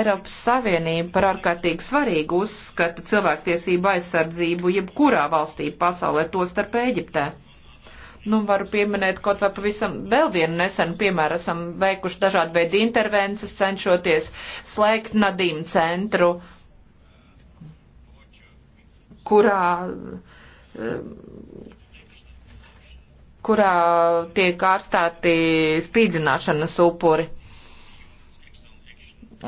Eiropas Savienība par ārkārtīgi svarīgu uzskata cilvēktiesību aizsardzību jebkurā valstī pasaulē, to starp Eģiptē. Nu, varu pieminēt kaut vai pavisam vēl vienu nesenu piemēru. Esam veikuši dažādu veidu intervences, cenšoties slēgt Nadīm centru, kurā, um, kurā tiek ārstāti spīdzināšanas upuri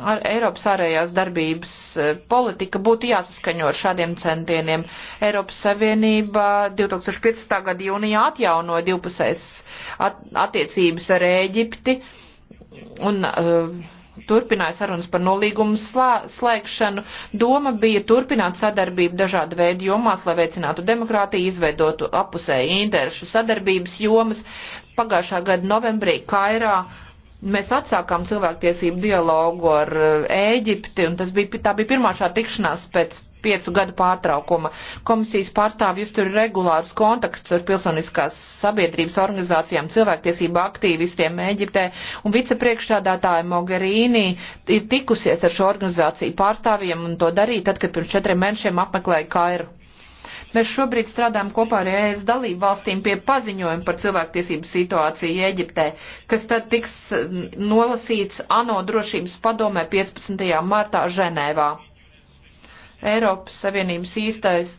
ar Eiropas ārējās darbības e, politika būtu jāsaskaņo ar šādiem centieniem. Eiropas Savienība 2015. gada jūnijā atjaunoja divpusējas at attiecības ar Ēģipti un uh, turpināja sarunas par nolīgumu slā, slēgšanu. Doma bija turpināt sadarbību dažādu veidu jomās, lai veicinātu demokrātiju, izveidotu apusēju interešu sadarbības jomas. Pagājušā gada novembrī Kairā uh, Mēs atsākām cilvēktiesību dialogu ar eh, Ēģipti, un tas bija, tā bija pirmā šā tikšanās pēc piecu gadu pārtraukuma. Komisijas pārstāvjus tur regulārus kontaktus ar pilsoniskās sabiedrības organizācijām, cilvēktiesību aktīvistiem Eģiptē, un vicepriekšādātāja Mogherīni ir tikusies ar šo organizāciju pārstāvjiem un to darīja tad, kad pirms četriem mēnešiem apmeklēja Kairu. Mēs šobrīd strādājam kopā ar ES dalību valstīm pie paziņojuma par cilvēktiesību situāciju Eģiptē, kas tad tiks nolasīts ANO drošības padomē 15. martā Ženēvā. Eiropas Savienības īstais,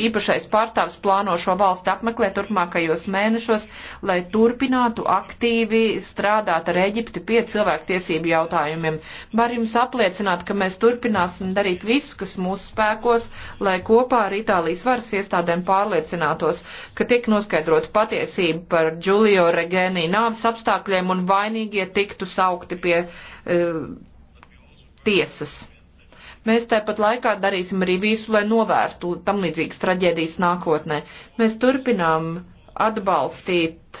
īpašais pārstāvs plāno šo valsti apmeklēt turpmākajos mēnešos, lai turpinātu aktīvi strādāt ar Eģipti pie cilvēktiesību jautājumiem. Var jums apliecināt, ka mēs turpināsim darīt visu, kas mūsu spēkos, lai kopā ar Itālijas varas iestādēm pārliecinātos, ka tiek noskaidrota patiesība par Giulio Regeni nāves apstākļiem un vainīgie tiktu saukti pie uh, tiesas. Mēs tāpat laikā darīsim arī visu, lai novērstu tam līdzīgas traģēdijas nākotnē. Mēs turpinām atbalstīt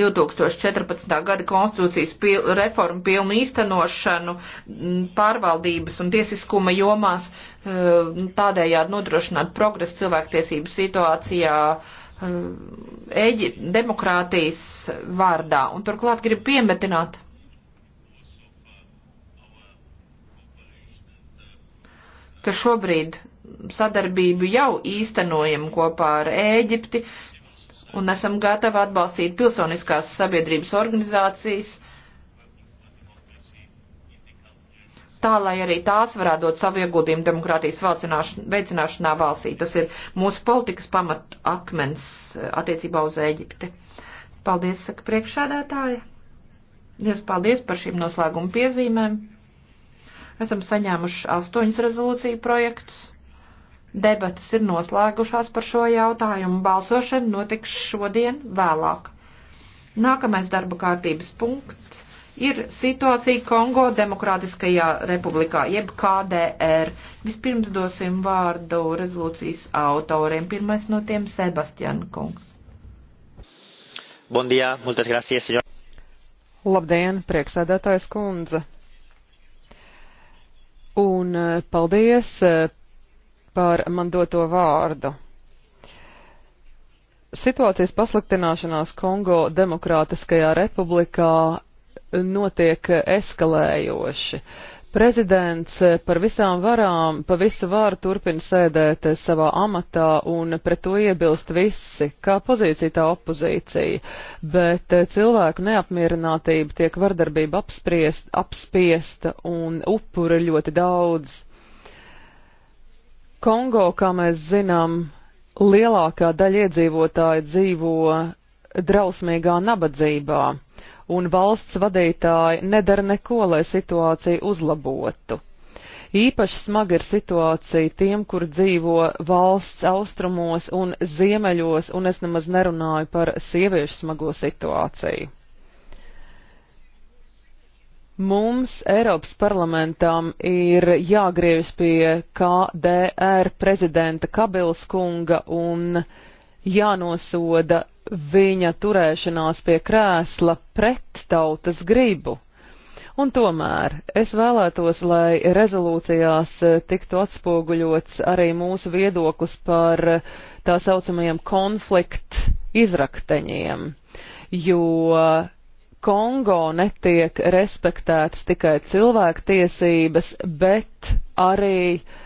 2014. gada konstitūcijas pil reformu pilnu īstenošanu pārvaldības un tiesiskuma jomās, e, tādējādi nodrošināt progresu cilvēktiesību situācijā. E, Eģi, demokrātijas vārdā. Un turklāt gribu piemetināt, ka šobrīd sadarbību jau īstenojam kopā ar Ēģipti un esam gatavi atbalstīt pilsoniskās sabiedrības organizācijas, tā lai arī tās varētu dot savu ieguldījumu demokrātijas veicināšanā valstī. Tas ir mūsu politikas pamat akmens eh, attiecībā uz Ēģipti. Paldies, saka priekšsēdētāja. Liels paldies par šīm noslēguma piezīmēm. Esam saņēmuši astoņas rezolūciju projektus. Debatas ir noslēgušās par šo jautājumu. Balsošana notiks šodien vēlāk. Nākamais darba kārtības punkts ir situācija Kongo Demokrātiskajā republikā, jeb KDR. Vispirms dosim vārdu rezolūcijas autoriem. Pirmais no tiem - Sebastian Kungs. Bon dia, multas gracias, senor. Labdien, prieksēdētājs kundze un eh, paldies eh, par man doto vārdu. Situācijas pasliktināšanās Kongo Demokrātiskajā republikā notiek eskalējoši. Uh, Prezidents eh, par visām varām, pa visu varu turpina sēdēt eh, savā amatā un pret to iebilst visi, kā pozīcija tā opozīcija, bet eh, cilvēku neapmierinātība tiek vardarbība apspriest, apspiesta un upura ļoti daudz. Kongo, kā mēs zinām, lielākā daļa iedzīvotāji dzīvo drausmīgā nabadzībā un valsts vadītāji nedara neko, lai situāciju uzlabotu. Īpaši smaga ir situācija tiem, kur dzīvo valsts austrumos un ziemeļos, un es nemaz nerunāju par sieviešu smago situāciju. Mums, Eiropas parlamentam, ir jāgriežas pie KDR prezidenta Kabils kunga un jānosoda viņa turēšanās pie krēsla pret tautas gribu. Un tomēr es vēlētos, lai rezolūcijās eh, tiktu atspoguļots arī mūsu viedoklis par eh, tā saucamajiem konfliktu izrakteņiem, jo Kongo netiek respektētas tikai cilvēktiesības, bet arī uh,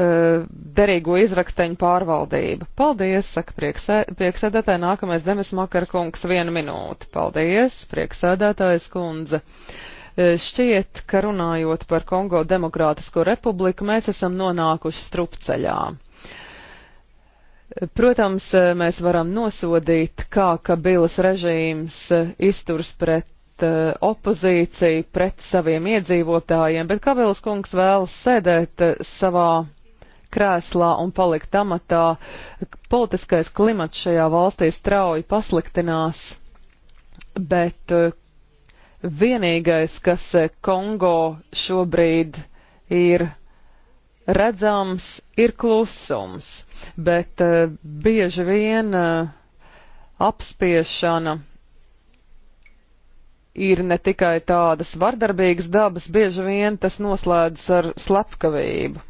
Eh, derīgo izrakteņu pārvaldība. Paldies, saka prieksēdētāji, nākamais Demis Makarkungs, viena minūte. Paldies, prieksēdētājs kundze. Eh, šķiet, ka runājot par Kongo Demokrātisko republiku, mēs esam nonākuši strupceļā. Eh, protams, mēs varam nosodīt, kā Kabilas režīms izturs pret opozīciju, pret saviem iedzīvotājiem, bet Kabilas kungs vēlas sēdēt savā krēslā un palikt amatā. Politiskais klimats šajā valstī strauji pasliktinās, bet eh, vienīgais, kas eh, Kongo šobrīd ir redzams, ir klusums, bet eh, bieži vien apspiešana ir ne tikai tādas vardarbīgas dabas, bieži vien tas noslēdzas ar slepkavību.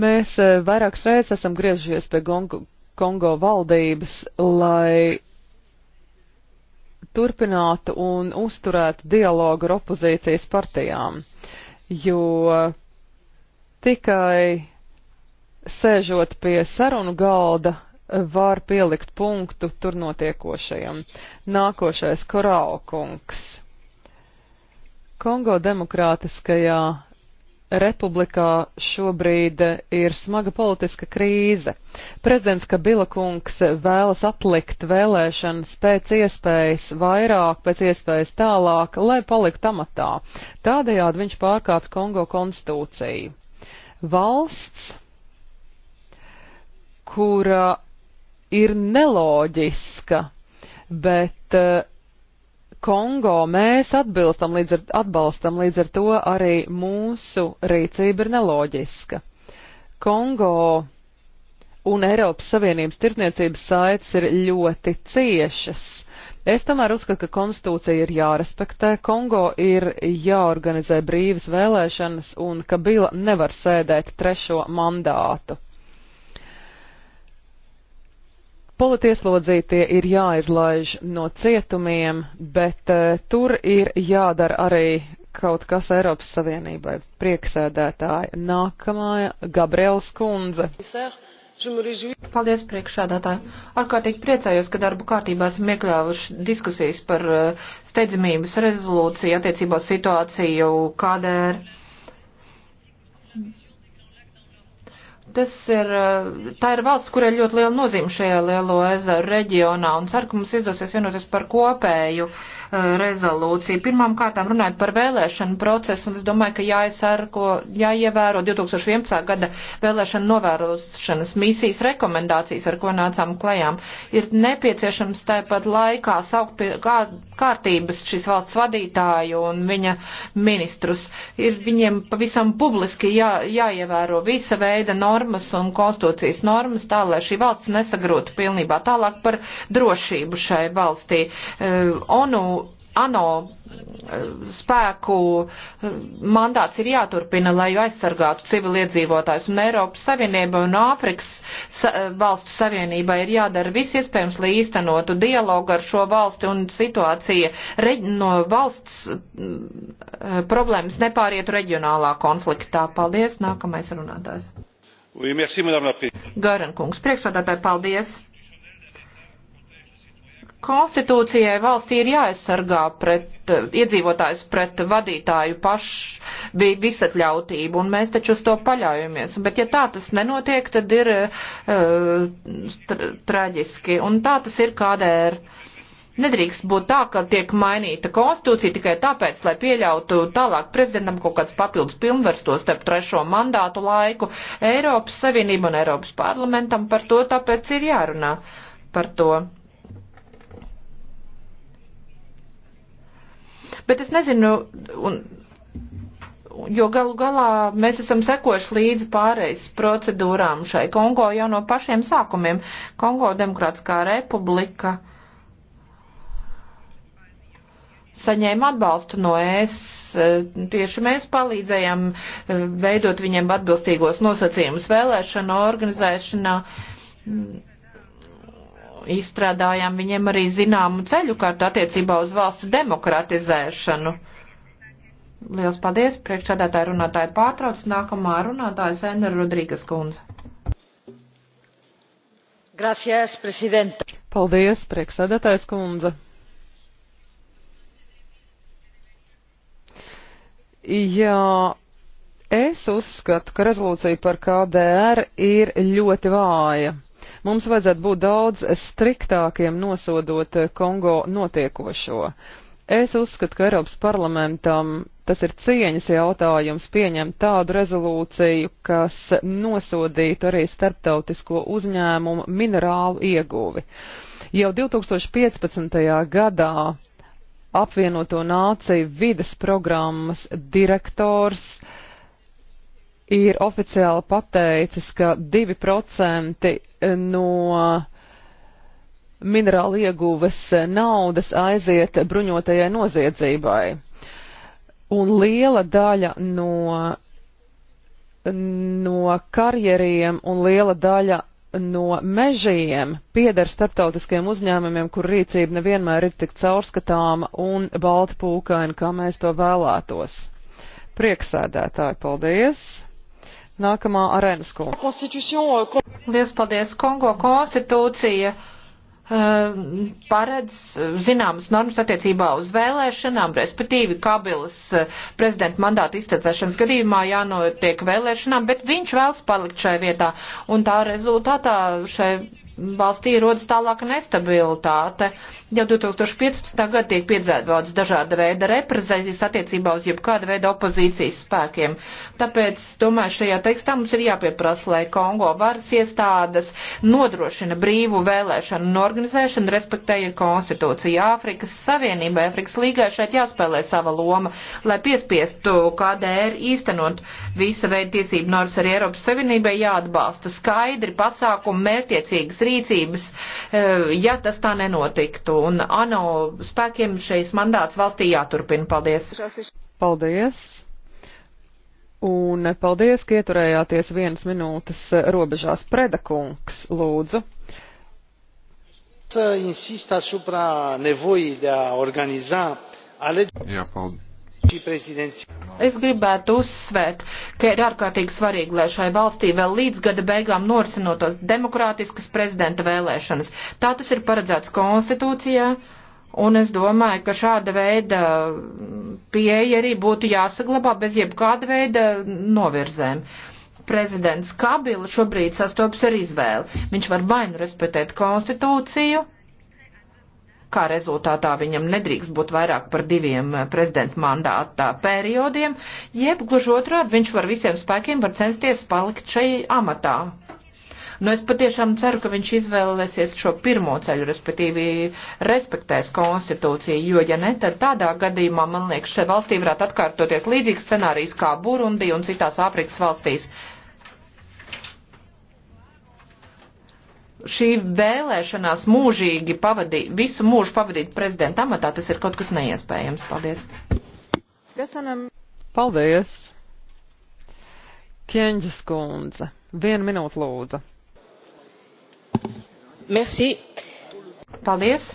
Mēs e, vairākas reizes esam griežies pie Gongo, Kongo valdības, lai turpinātu un uzturētu dialogu ar opozīcijas partijām, jo tikai sēžot pie sarunu galda var pielikt punktu tur notiekošajam. Nākošais Koraukungs. Kongo Demokrātiskajā republikā šobrīd ir smaga politiska krīze. Prezidents Kabila kungs vēlas atlikt vēlēšanas pēc iespējas vairāk, pēc iespējas tālāk, lai palikt amatā. Tādējādi viņš pārkāpj Kongo konstitūciju. Valsts, kura ir neloģiska, bet uh, Kongo mēs atbilstam līdz ar, atbalstam, līdz ar to arī mūsu rīcība ir neloģiska. Kongo un Eiropas Savienības tirdzniecības saites ir ļoti ciešas. Es tomēr uzskatu, ka konstitūcija ir jārespektē, Kongo ir jāorganizē brīvas vēlēšanas un ka Bila nevar sēdēt trešo mandātu. Politieslodzītie ir jāizlaiž no cietumiem, bet uh, tur ir jādara arī kaut kas Eiropas Savienībai. Prieksēdētāja nākamā Gabriels Kundze. Paldies, priekšsādātāji. Ārkārtīgi priecājos, ka darbu kārtībā esam iekļāvuši diskusijas par uh, steidzamības rezolūciju attiecībā situāciju KDR. Tas ir, eh, tā ir valsts, kurai ļoti liela nozīme šajā lielo ezeru reģionā, un ceru, ka mums izdosies vienoties par kopēju uh, Eh, rezolūciju. Pirmām kārtām runājot par vēlēšanu procesu, un es domāju, ka jāiesarko, jāievēro 2011. gada vēlēšanu novērošanas misijas rekomendācijas, ar ko nācām klajām. Ir nepieciešams tāpat laikā saukt pie kā, kārtības šīs valsts vadītāju un viņa ministrus. Ir viņiem pavisam publiski jā, jāievēro visa veida normas un konstitūcijas normas, tā lai šī valsts nesagrūtu pilnībā. Tālāk par drošību šai valstī. Uh, onu ANO eh, spēku eh, mandāts ir jāturpina, lai aizsargātu civiliedzīvotājs. Un Eiropas Savienība un Āfrikas sa eh, valstu savienībai ir jādara viss iespējams, lai īstenotu dialogu ar šo valsti un situācija no valsts problēmas nepārietu reģionālā konfliktā. Paldies, nākamais runātājs. Oui, merci, Garan kungs, priekšādātāji, paldies! Konstitūcijai valstī ir jāaizsargā pret eh, iedzīvotājs, pret vadītāju pašu visatļautību, un mēs taču uz to paļaujamies. Bet ja tā tas nenotiek, tad ir uh, traģiski, un tā tas ir kādēr. Nedrīkst būt tā, ka tiek mainīta konstitūcija tikai tāpēc, lai pieļautu tālāk prezidentam kaut kāds papildus pilnvars to starp trešo mandātu laiku. Eiropas Savienība un Eiropas parlamentam par to tāpēc ir jārunā par to. bet es nezinu, un, jo galu galā mēs esam sekojuši līdzi pārejas procedūrām šai Kongo jau no pašiem sākumiem. Kongo Demokrātiskā republika saņēma atbalstu no ES. E, tieši mēs palīdzējām e, veidot viņiem atbilstīgos nosacījumus vēlēšanu organizēšanā izstrādājām viņiem arī zināmu ceļu kārtu attiecībā uz valsts demokratizēšanu. Liels paldies, priekšsādātāja runātāja pārtrauc, nākamā runātāja Sēnera Rodrīgas kundze. Gracias, prezidenta. Paldies, priekšsādātājs kundze. Jā, es uzskatu, ka rezolūcija par KDR ir ļoti vāja. Mums vajadzētu būt daudz striktākiem nosodot eh, Kongo notiekošo. Es uzskatu, ka Eiropas parlamentam tas ir cieņas jautājums pieņemt tādu rezolūciju, kas nosodītu arī starptautisko uzņēmumu minerālu ieguvi. Jau 2015. gadā apvienoto nāciju vides programmas direktors uh, ir oficiāli pateicis, ka 2% no minerālu ieguves naudas aiziet bruņotajai noziedzībai. Un liela daļa no, no karjeriem un liela daļa no mežiem pieder starptautiskiem uzņēmumiem, kur rīcība nevienmēr ir tik caurskatāma un balti pūkaina, kā mēs to vēlētos. Prieksēdētāji, paldies! Nākamā arēnas kunga. Eh, Liels paldies. Kongo konstitūcija eh, paredz eh, zināmas normas attiecībā uz vēlēšanām, respektīvi Kabilas prezidenta mandāta izcēlēšanas gadījumā jānotiek vēlēšanām, bet viņš vēlas palikt šai vietā, un tā rezultātā šai valstī rodas tālāka nestabilitāte. Jau 2015. gadā tiek piedzēvots dažāda veida reprezentācijas attiecībā uz jebkāda veida opozīcijas spēkiem. Tāpēc, domāju, šajā tekstā mums ir jāpieprasa, lai Kongo varas iestādes nodrošina brīvu vēlēšanu un organizēšanu, respektēja konstitūciju. Āfrikas Savienībai, Āfrikas līgai šeit jāspēlē sava loma, lai piespiestu KDR īstenot visa veida tiesību normas arī Eiropas Savienībai jāatbalsta skaidri pasākumu mērķiecīgas rīcības, e, ja tas tā nenotiktu. Un ANO spēkiem šeis mandāts valstī jāturpina. Paldies! Paldies! Un paldies, ka ieturējāties vienas minūtes robežās. Predakungs, lūdzu. Să insist asupra nevoii de a organiza alegeri. Es gribētu uzsvērt, ka ir ārkārtīgi svarīgi, lai šai valstī vēl līdz gada beigām norisinotos demokrātiskas prezidenta vēlēšanas. Tā tas ir paredzēts konstitūcijā. Un es domāju, ka šāda veida pieeja arī būtu jāsaglabā bez jebkāda veida novirzēm. Prezidents Kabila šobrīd sastopas ar izvēli. Viņš var vai nu respektēt konstitūciju, kā rezultātā viņam nedrīkst būt vairāk par diviem eh, prezidenta mandātā periodiem, jeb gluži otrādi viņš var visiem spēkiem var censties palikt šai amatā. Nu, es patiešām ceru, ka viņš izvēlēsies šo pirmo ceļu, respektīvi respektēs konstitūciju, jo, ja ne, tad tādā gadījumā, man liekas, šai valstī varētu atkārtoties līdzīgs scenārijs kā Burundi un citās Āfrikas valstīs. šī vēlēšanās mūžīgi pavadīt, visu mūžu pavadīt prezidenta amatā, tas ir kaut kas neiespējams. Paldies. Gasanam. Paldies. Kieņģis kundze. Vienu minūtu lūdzu. Merci. Paldies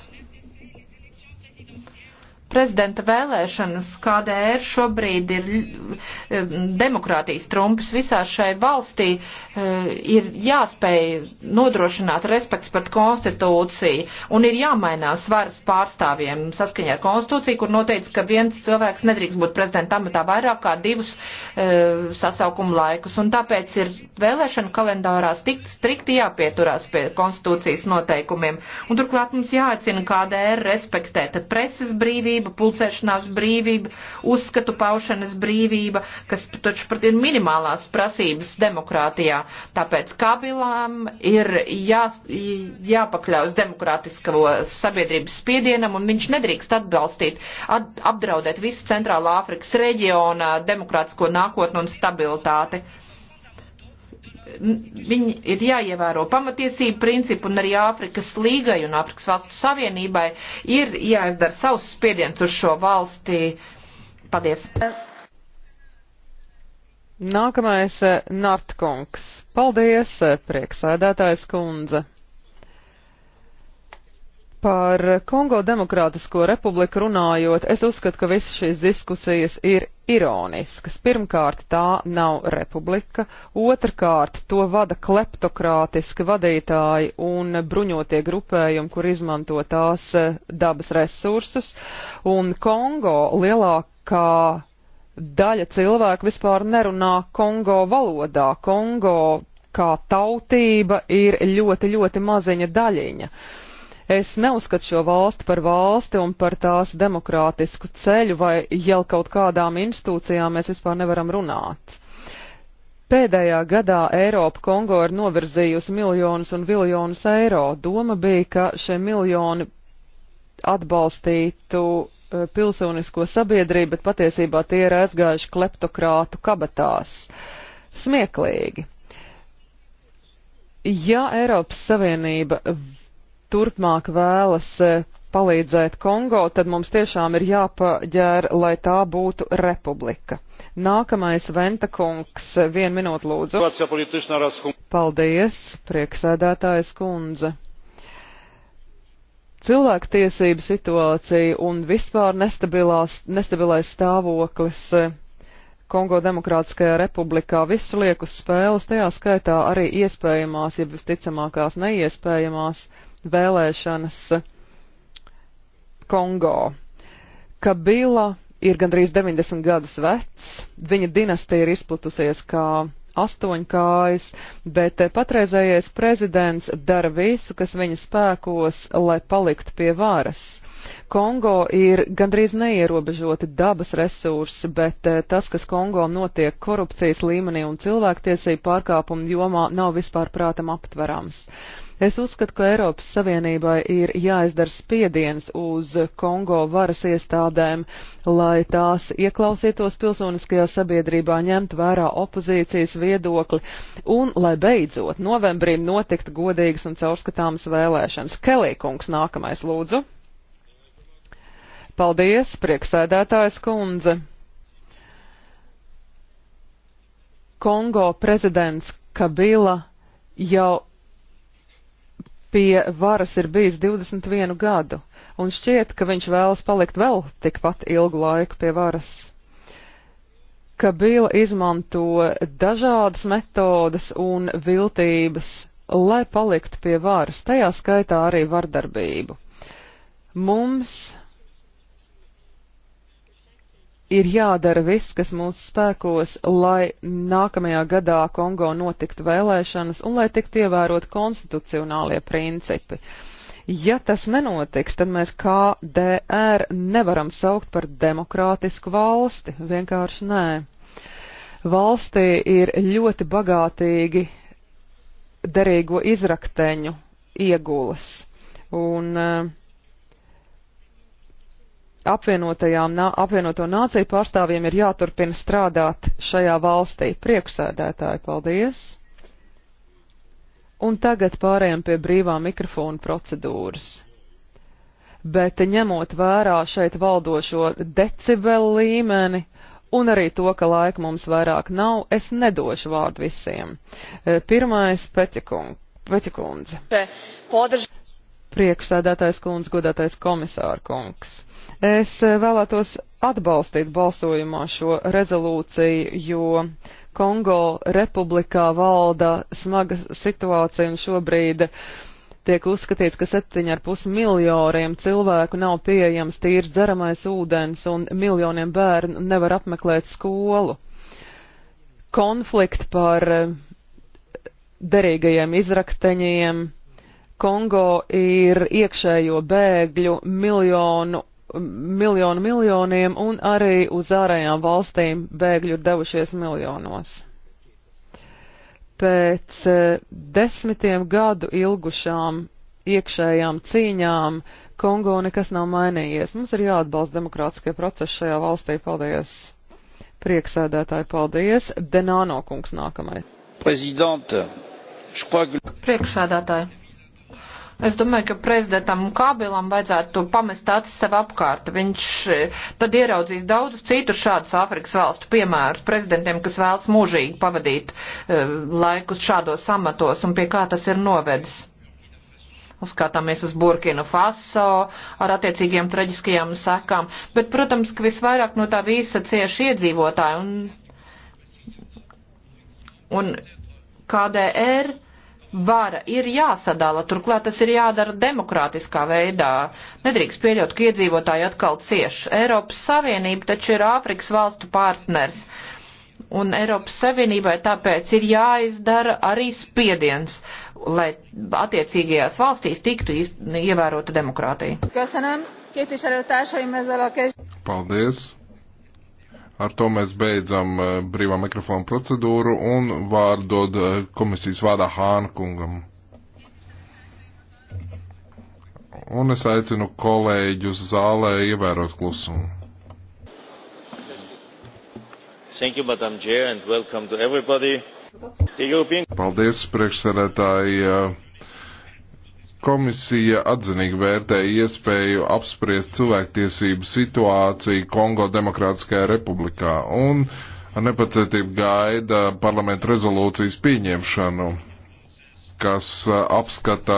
prezidenta vēlēšanas, KDR šobrīd ir eh, demokrātijas trumps visā šai valstī, eh, ir jāspēj nodrošināt respekts pret konstitūciju un ir jāmainās varas pārstāvjiem saskaņā ar konstitūciju, kur noteica, ka viens cilvēks nedrīkst būt prezidenta amatā vairāk kā divus uh, eh, sasaukumu laikus. Un tāpēc ir vēlēšana kalendārā strikt, strikti jāpieturās pie konstitūcijas noteikumiem. Un turklāt mums jāatcina KDR respektēt preses brīvību brīvība, pulcēšanās brīvība, uzskatu paušanas brīvība, kas taču pat ir minimālās prasības demokrātijā. Tāpēc kabilām ir jā, jāpakļaus demokrātisko sabiedrības spiedienam, un viņš nedrīkst atbalstīt, at, apdraudēt visu Centrālā Āfrikas reģiona demokrātisko nākotnu un stabilitāti viņi ir jāievēro pamatiesību principu un arī Āfrikas līgai un Āfrikas valstu savienībai ir jāizdara savs spiediens uz šo valsti. Paldies! Nākamais eh, Nartkungs. Paldies, eh, prieksēdētājs kundze. Par Kongo Demokrātisko republiku runājot, es uzskatu, ka visas šīs diskusijas ir ironiskas. Pirmkārt, tā nav republika, otrkārt, to vada kleptokrātiski vadītāji un bruņotie grupējumi, kur izmanto tās e, dabas resursus, un Kongo lielākā daļa cilvēku vispār nerunā Kongo valodā. Kongo kā tautība ir ļoti, ļoti maziņa daļiņa. Uh, Es neuzskatu šo valsti par valsti un par tās demokrātisku ceļu, vai jau kaut kādām institūcijām mēs vispār nevaram runāt. Pēdējā gadā Eiropa Kongo ir novirzījusi miljonus un miljonus eiro. Doma bija, ka šie miljoni atbalstītu e, pilsonisko sabiedrību, bet patiesībā tie ir aizgājuši kleptokrātu kabatās. Smieklīgi. Ja Eiropas Savienība turpmāk vēlas e, palīdzēt Kongo, tad mums tiešām ir jāpaģēr, lai tā būtu republika. Nākamais Venta kungs, vienu minūtu lūdzu. Paldies, prieksēdētājs kundze. Cilvēktiesība situācija un vispār nestabilais stāvoklis e, Kongo Demokrātiskajā republikā visu liek uz spēles, tajā skaitā arī iespējamās, ja visticamākās neiespējamās vēlēšanas Kongo. Kabila ir gandrīz 90 gadus vecs, viņa dinastija ir izplatusies kā astoņkājas, bet patreizējais prezidents dara visu, kas viņa spēkos, lai palikt pie varas. Kongo ir gandrīz neierobežoti dabas resursi, bet eh, tas, kas Kongo notiek korupcijas līmenī un cilvēktiesību pārkāpumu jomā, nav vispār prātam aptverams. Es uzskatu, ka Eiropas Savienībai ir jāizdara spiediens uz Kongo varas iestādēm, lai tās ieklausītos pilsoniskajā sabiedrībā, ņemtu vērā opozīcijas viedokli un lai beidzot novembrī notikt godīgas un caurskatāmas vēlēšanas. Kelīkungs nākamais lūdzu. Paldies, prieksēdētājs kundze. Kongo prezidents Kabila jau pie varas ir bijis 21 gadu, un šķiet, ka viņš vēlas palikt vēl tikpat ilgu laiku pie varas. Kabila izmanto dažādas metodas un viltības, lai paliktu pie varas, tajā skaitā arī vardarbību. Mums ir jādara viss, kas mūsu spēkos, lai nākamajā gadā Kongo notiktu vēlēšanas un lai tiktu ievērot konstitucionālie principi. Ja tas nenotiks, tad mēs KDR nevaram saukt par demokrātisku valsti, vienkārši nē. Valstī ir ļoti bagātīgi derīgo izrakteņu iegulas, un uh, apvienoto nāciju pārstāvjiem ir jāturpina strādāt šajā valstī. Prieksēdētāji, paldies! Un tagad pārējām pie brīvā mikrofona procedūras. Bet ņemot vērā šeit valdošo decibelu līmeni un arī to, ka laika mums vairāk nav, es nedošu vārdu visiem. E, pirmais Peķikundze. Priekšsēdētājs kundze, godātais komisāra kungs. Es eh, vēlētos atbalstīt balsojumā šo rezolūciju, jo Kongo republikā valda smaga situācija un šobrīd tiek uzskatīts, ka 7,5 miljoniem cilvēku nav pieejams tīrs dzeramais ūdens un miljoniem bērnu nevar apmeklēt skolu. Konflikt par eh, derīgajiem izrakteņiem. Kongo ir iekšējo bēgļu miljonu miljonu miljoniem un arī uz ārējām valstīm bēgļu ir devušies miljonos. Pēc eh, desmitiem gadu ilgušām iekšējām cīņām Kongo nekas nav mainījies. Mums ir jāatbalsta demokrātiskie procesi šajā valstī. Paldies! Prieksēdētāji, paldies! Denāno kungs nākamais. Priekšsēdētāji, Es domāju, ka prezidentam Kabilam vajadzētu pamest acis sev apkārt. Viņš e, tad ieraudzīs daudzus citus šādus Āfrikas valstu piemērus prezidentiem, kas vēlas mūžīgi pavadīt uh, laikus šādos amatos un pie kā tas ir novedis. Uzskatāmies uz Burkinu Faso ar attiecīgiem traģiskajām sekām, bet, protams, ka visvairāk no tā visa cieši iedzīvotāji un, un KDR vara ir jāsadala, turklāt tas ir jādara demokrātiskā veidā. Nedrīkst pieļaut, ka iedzīvotāji atkal cieš. Eiropas Savienība taču ir Āfrikas valstu partners. Un Eiropas Savienībai tāpēc ir jāizdara arī spiediens, lai attiecīgajās valstīs tiktu ievērota demokrātija. Paldies! Ar to mēs beidzam eh, brīvā mikrofona procedūru un vārdu dod eh, komisijas vārdā Hāna kungam. Un es aicinu kolēģus zālē ievērot klusumu. Thank you, Madam Chair, and welcome to everybody. European... Paldies, priekšsēdētāji. Eh, Komisija atzinīgi vērtēja iespēju apspriest cilvēktiesību situāciju Kongo Demokrātiskajā republikā un ar nepacietību gaida parlamentu rezolūcijas pieņemšanu, kas uh, apskata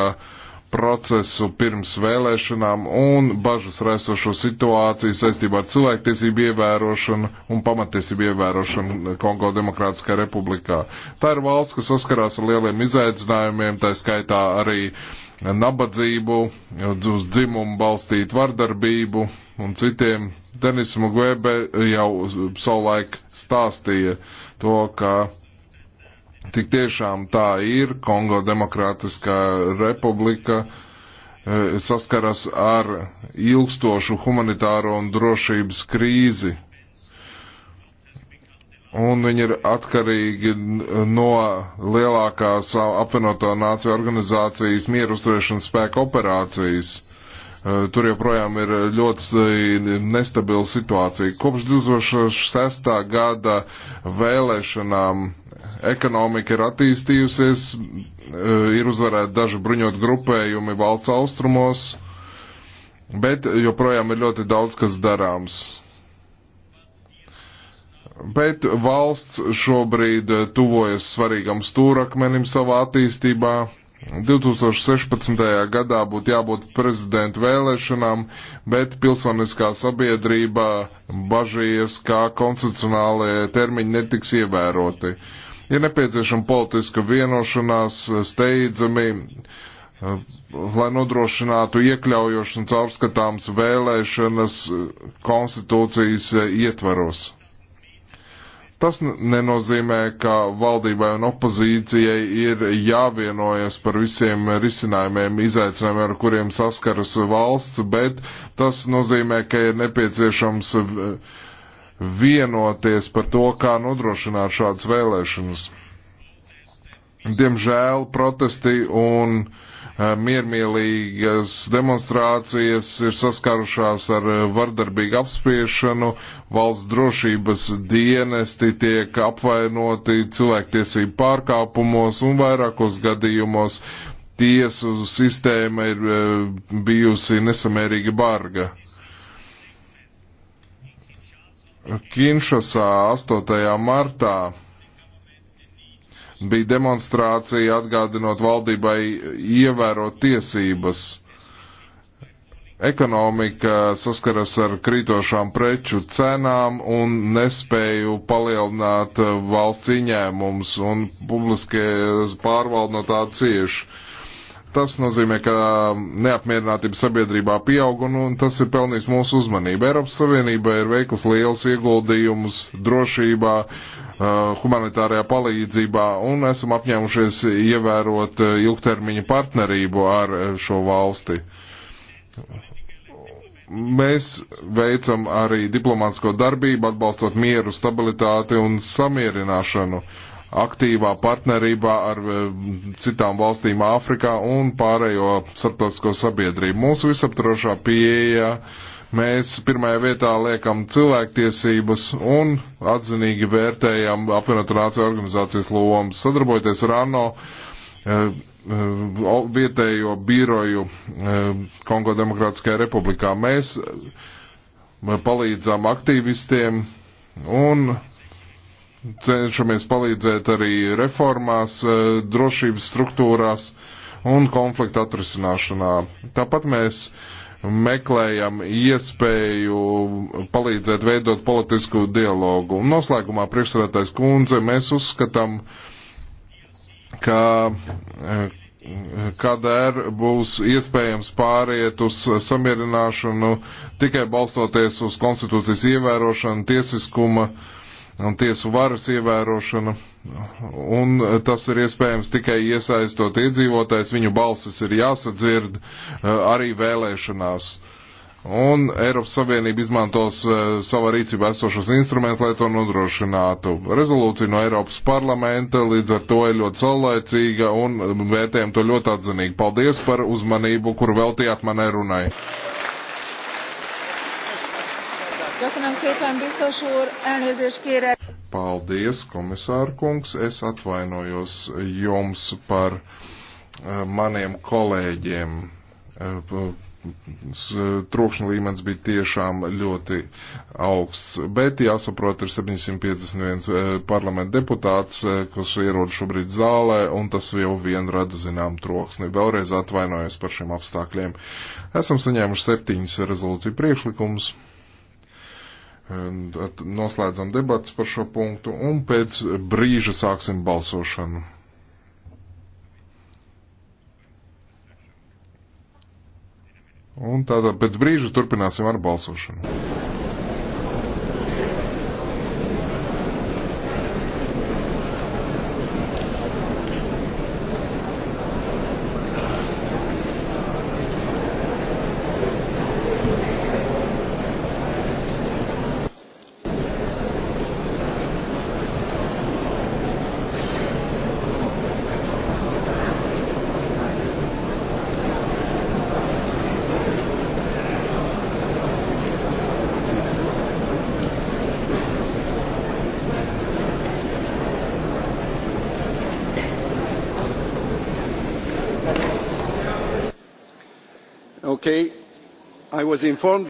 procesu pirms vēlēšanām un bažas raisošo situāciju saistībā ar cilvēktiesību ievērošanu un pamatiesību ievērošanu Kongo Demokrātiskā republikā. Tā ir valsts, kas saskarās ar lieliem izaicinājumiem, tā skaitā arī uh, nabadzību, uz dzimumu balstītu vardarbību un citiem. Denis Mugwebe jau savulaik stāstīja to, ka tik tiešām tā ir Kongo Demokrātiskā republika e, saskaras ar ilgstošu humanitāro un drošības krīzi un viņi ir atkarīgi no lielākās apvienoto nāciju organizācijas mieru uzturēšanas spēku operācijas. Eh, tur joprojām ir ļoti nestabila situācija. Kopš 2006. gada vēlēšanām ekonomika ir attīstījusies, eh, ir uzvarēti daži bruņot grupējumi valsts austrumos, bet joprojām ir ļoti daudz, kas darāms Bet valsts šobrīd eh, tuvojas svarīgam stūrakmenim savā attīstībā. 2016. gadā būtu jābūt prezidenta vēlēšanām, bet pilsoniskā sabiedrība bažījies, kā koncepcionālie termiņi netiks ievēroti. Ir nepieciešama politiska vienošanās steidzami, eh, lai nodrošinātu iekļaujošas un caurskatāmas vēlēšanas eh, konstitūcijas ietvaros. Tas nenozīmē, ka valdībai un opozīcijai ir jāvienojas par visiem risinājumiem, izaicinājumiem, ar kuriem saskaras valsts, bet tas nozīmē, ka ir nepieciešams vienoties par to, kā nodrošināt šādas vēlēšanas. Diemžēl protesti un uh, miermīlīgas demonstrācijas ir saskārušās ar vardarbīgu apspiešanu, valsts drošības dienesti tiek apvainoti cilvēktiesību pārkāpumos un vairākos gadījumos tiesu sistēma ir bijusi nesamērīgi barga. Kinšasā 8. martā bija demonstrācija atgādinot valdībai ievērot tiesības. Ekonomika saskaras ar krītošām preču cenām un nespēju palielināt valsts ieņēmums un publiskie pārvalde no tā cieši. Tas nozīmē, ka neapmierinātība sabiedrībā pieaug, un, un tas ir pelnījis mūsu uzmanību. Eiropas Savienība ir veiklas liels ieguldījums drošībā, uh, humanitārajā palīdzībā, un esam apņēmušies ievērot uh, ilgtermiņa partnerību ar uh, šo valsti. Mēs veicam arī diplomātsko darbību, atbalstot mieru, stabilitāti un samierināšanu. Uh, aktīvā partnerībā ar eh, citām valstīm Āfrikā un pārējo starptautisko sabiedrību. Mūsu visaptrošā pieeja mēs pirmajā vietā liekam cilvēktiesības un atzinīgi vērtējam apvienotu nāciju organizācijas lomu. Sadarbojoties ar ANO eh, eh, vietējo biroju Kongo Demokrātiskajā republikā, mēs palīdzam aktīvistiem un cenšamies palīdzēt arī reformās, eh, drošības struktūrās un konflikta atrisināšanā. Tāpat mēs meklējam iespēju palīdzēt veidot politisku dialogu. Un noslēgumā priekšsēdētais kundze, mēs uzskatām, ka eh, kādēr būs iespējams pāriet uz samierināšanu tikai balstoties uz konstitūcijas ievērošanu, tiesiskuma uh, un tiesu varas ievērošana, un tas ir iespējams tikai iesaistot iedzīvotājs, viņu balsis ir jāsadzird eh, arī vēlēšanās. Un Eiropas Savienība izmantos eh, savā rīcībā esošos instrumentus, lai to nodrošinātu. Rezolūcija no Eiropas parlamenta līdz ar to ir ļoti saulaicīga un vērtējam to ļoti atzinīgi. Paldies par uzmanību, kuru veltījāt manai runai. Köszönöm szépen, biztos úr, elnézést kérek. Paldies, komisārkungs, es atvainojos jums par eh, maniem kolēģiem. Eh, eh, trokšņa līmenis bija tiešām ļoti augsts, bet jāsaprot, ir 751 parlamenta deputāts, kas ierod šobrīd zālē, un tas jau vien rada zinām troksni. Vēlreiz atvainojos par šiem apstākļiem. Esam saņēmuši septiņus rezolūciju priekšlikumus. Uh, noslēdzam debats par šo punktu un pēc brīža sāksim balsošanu. Un tātad pēc brīža turpināsim ar balsošanu. was informed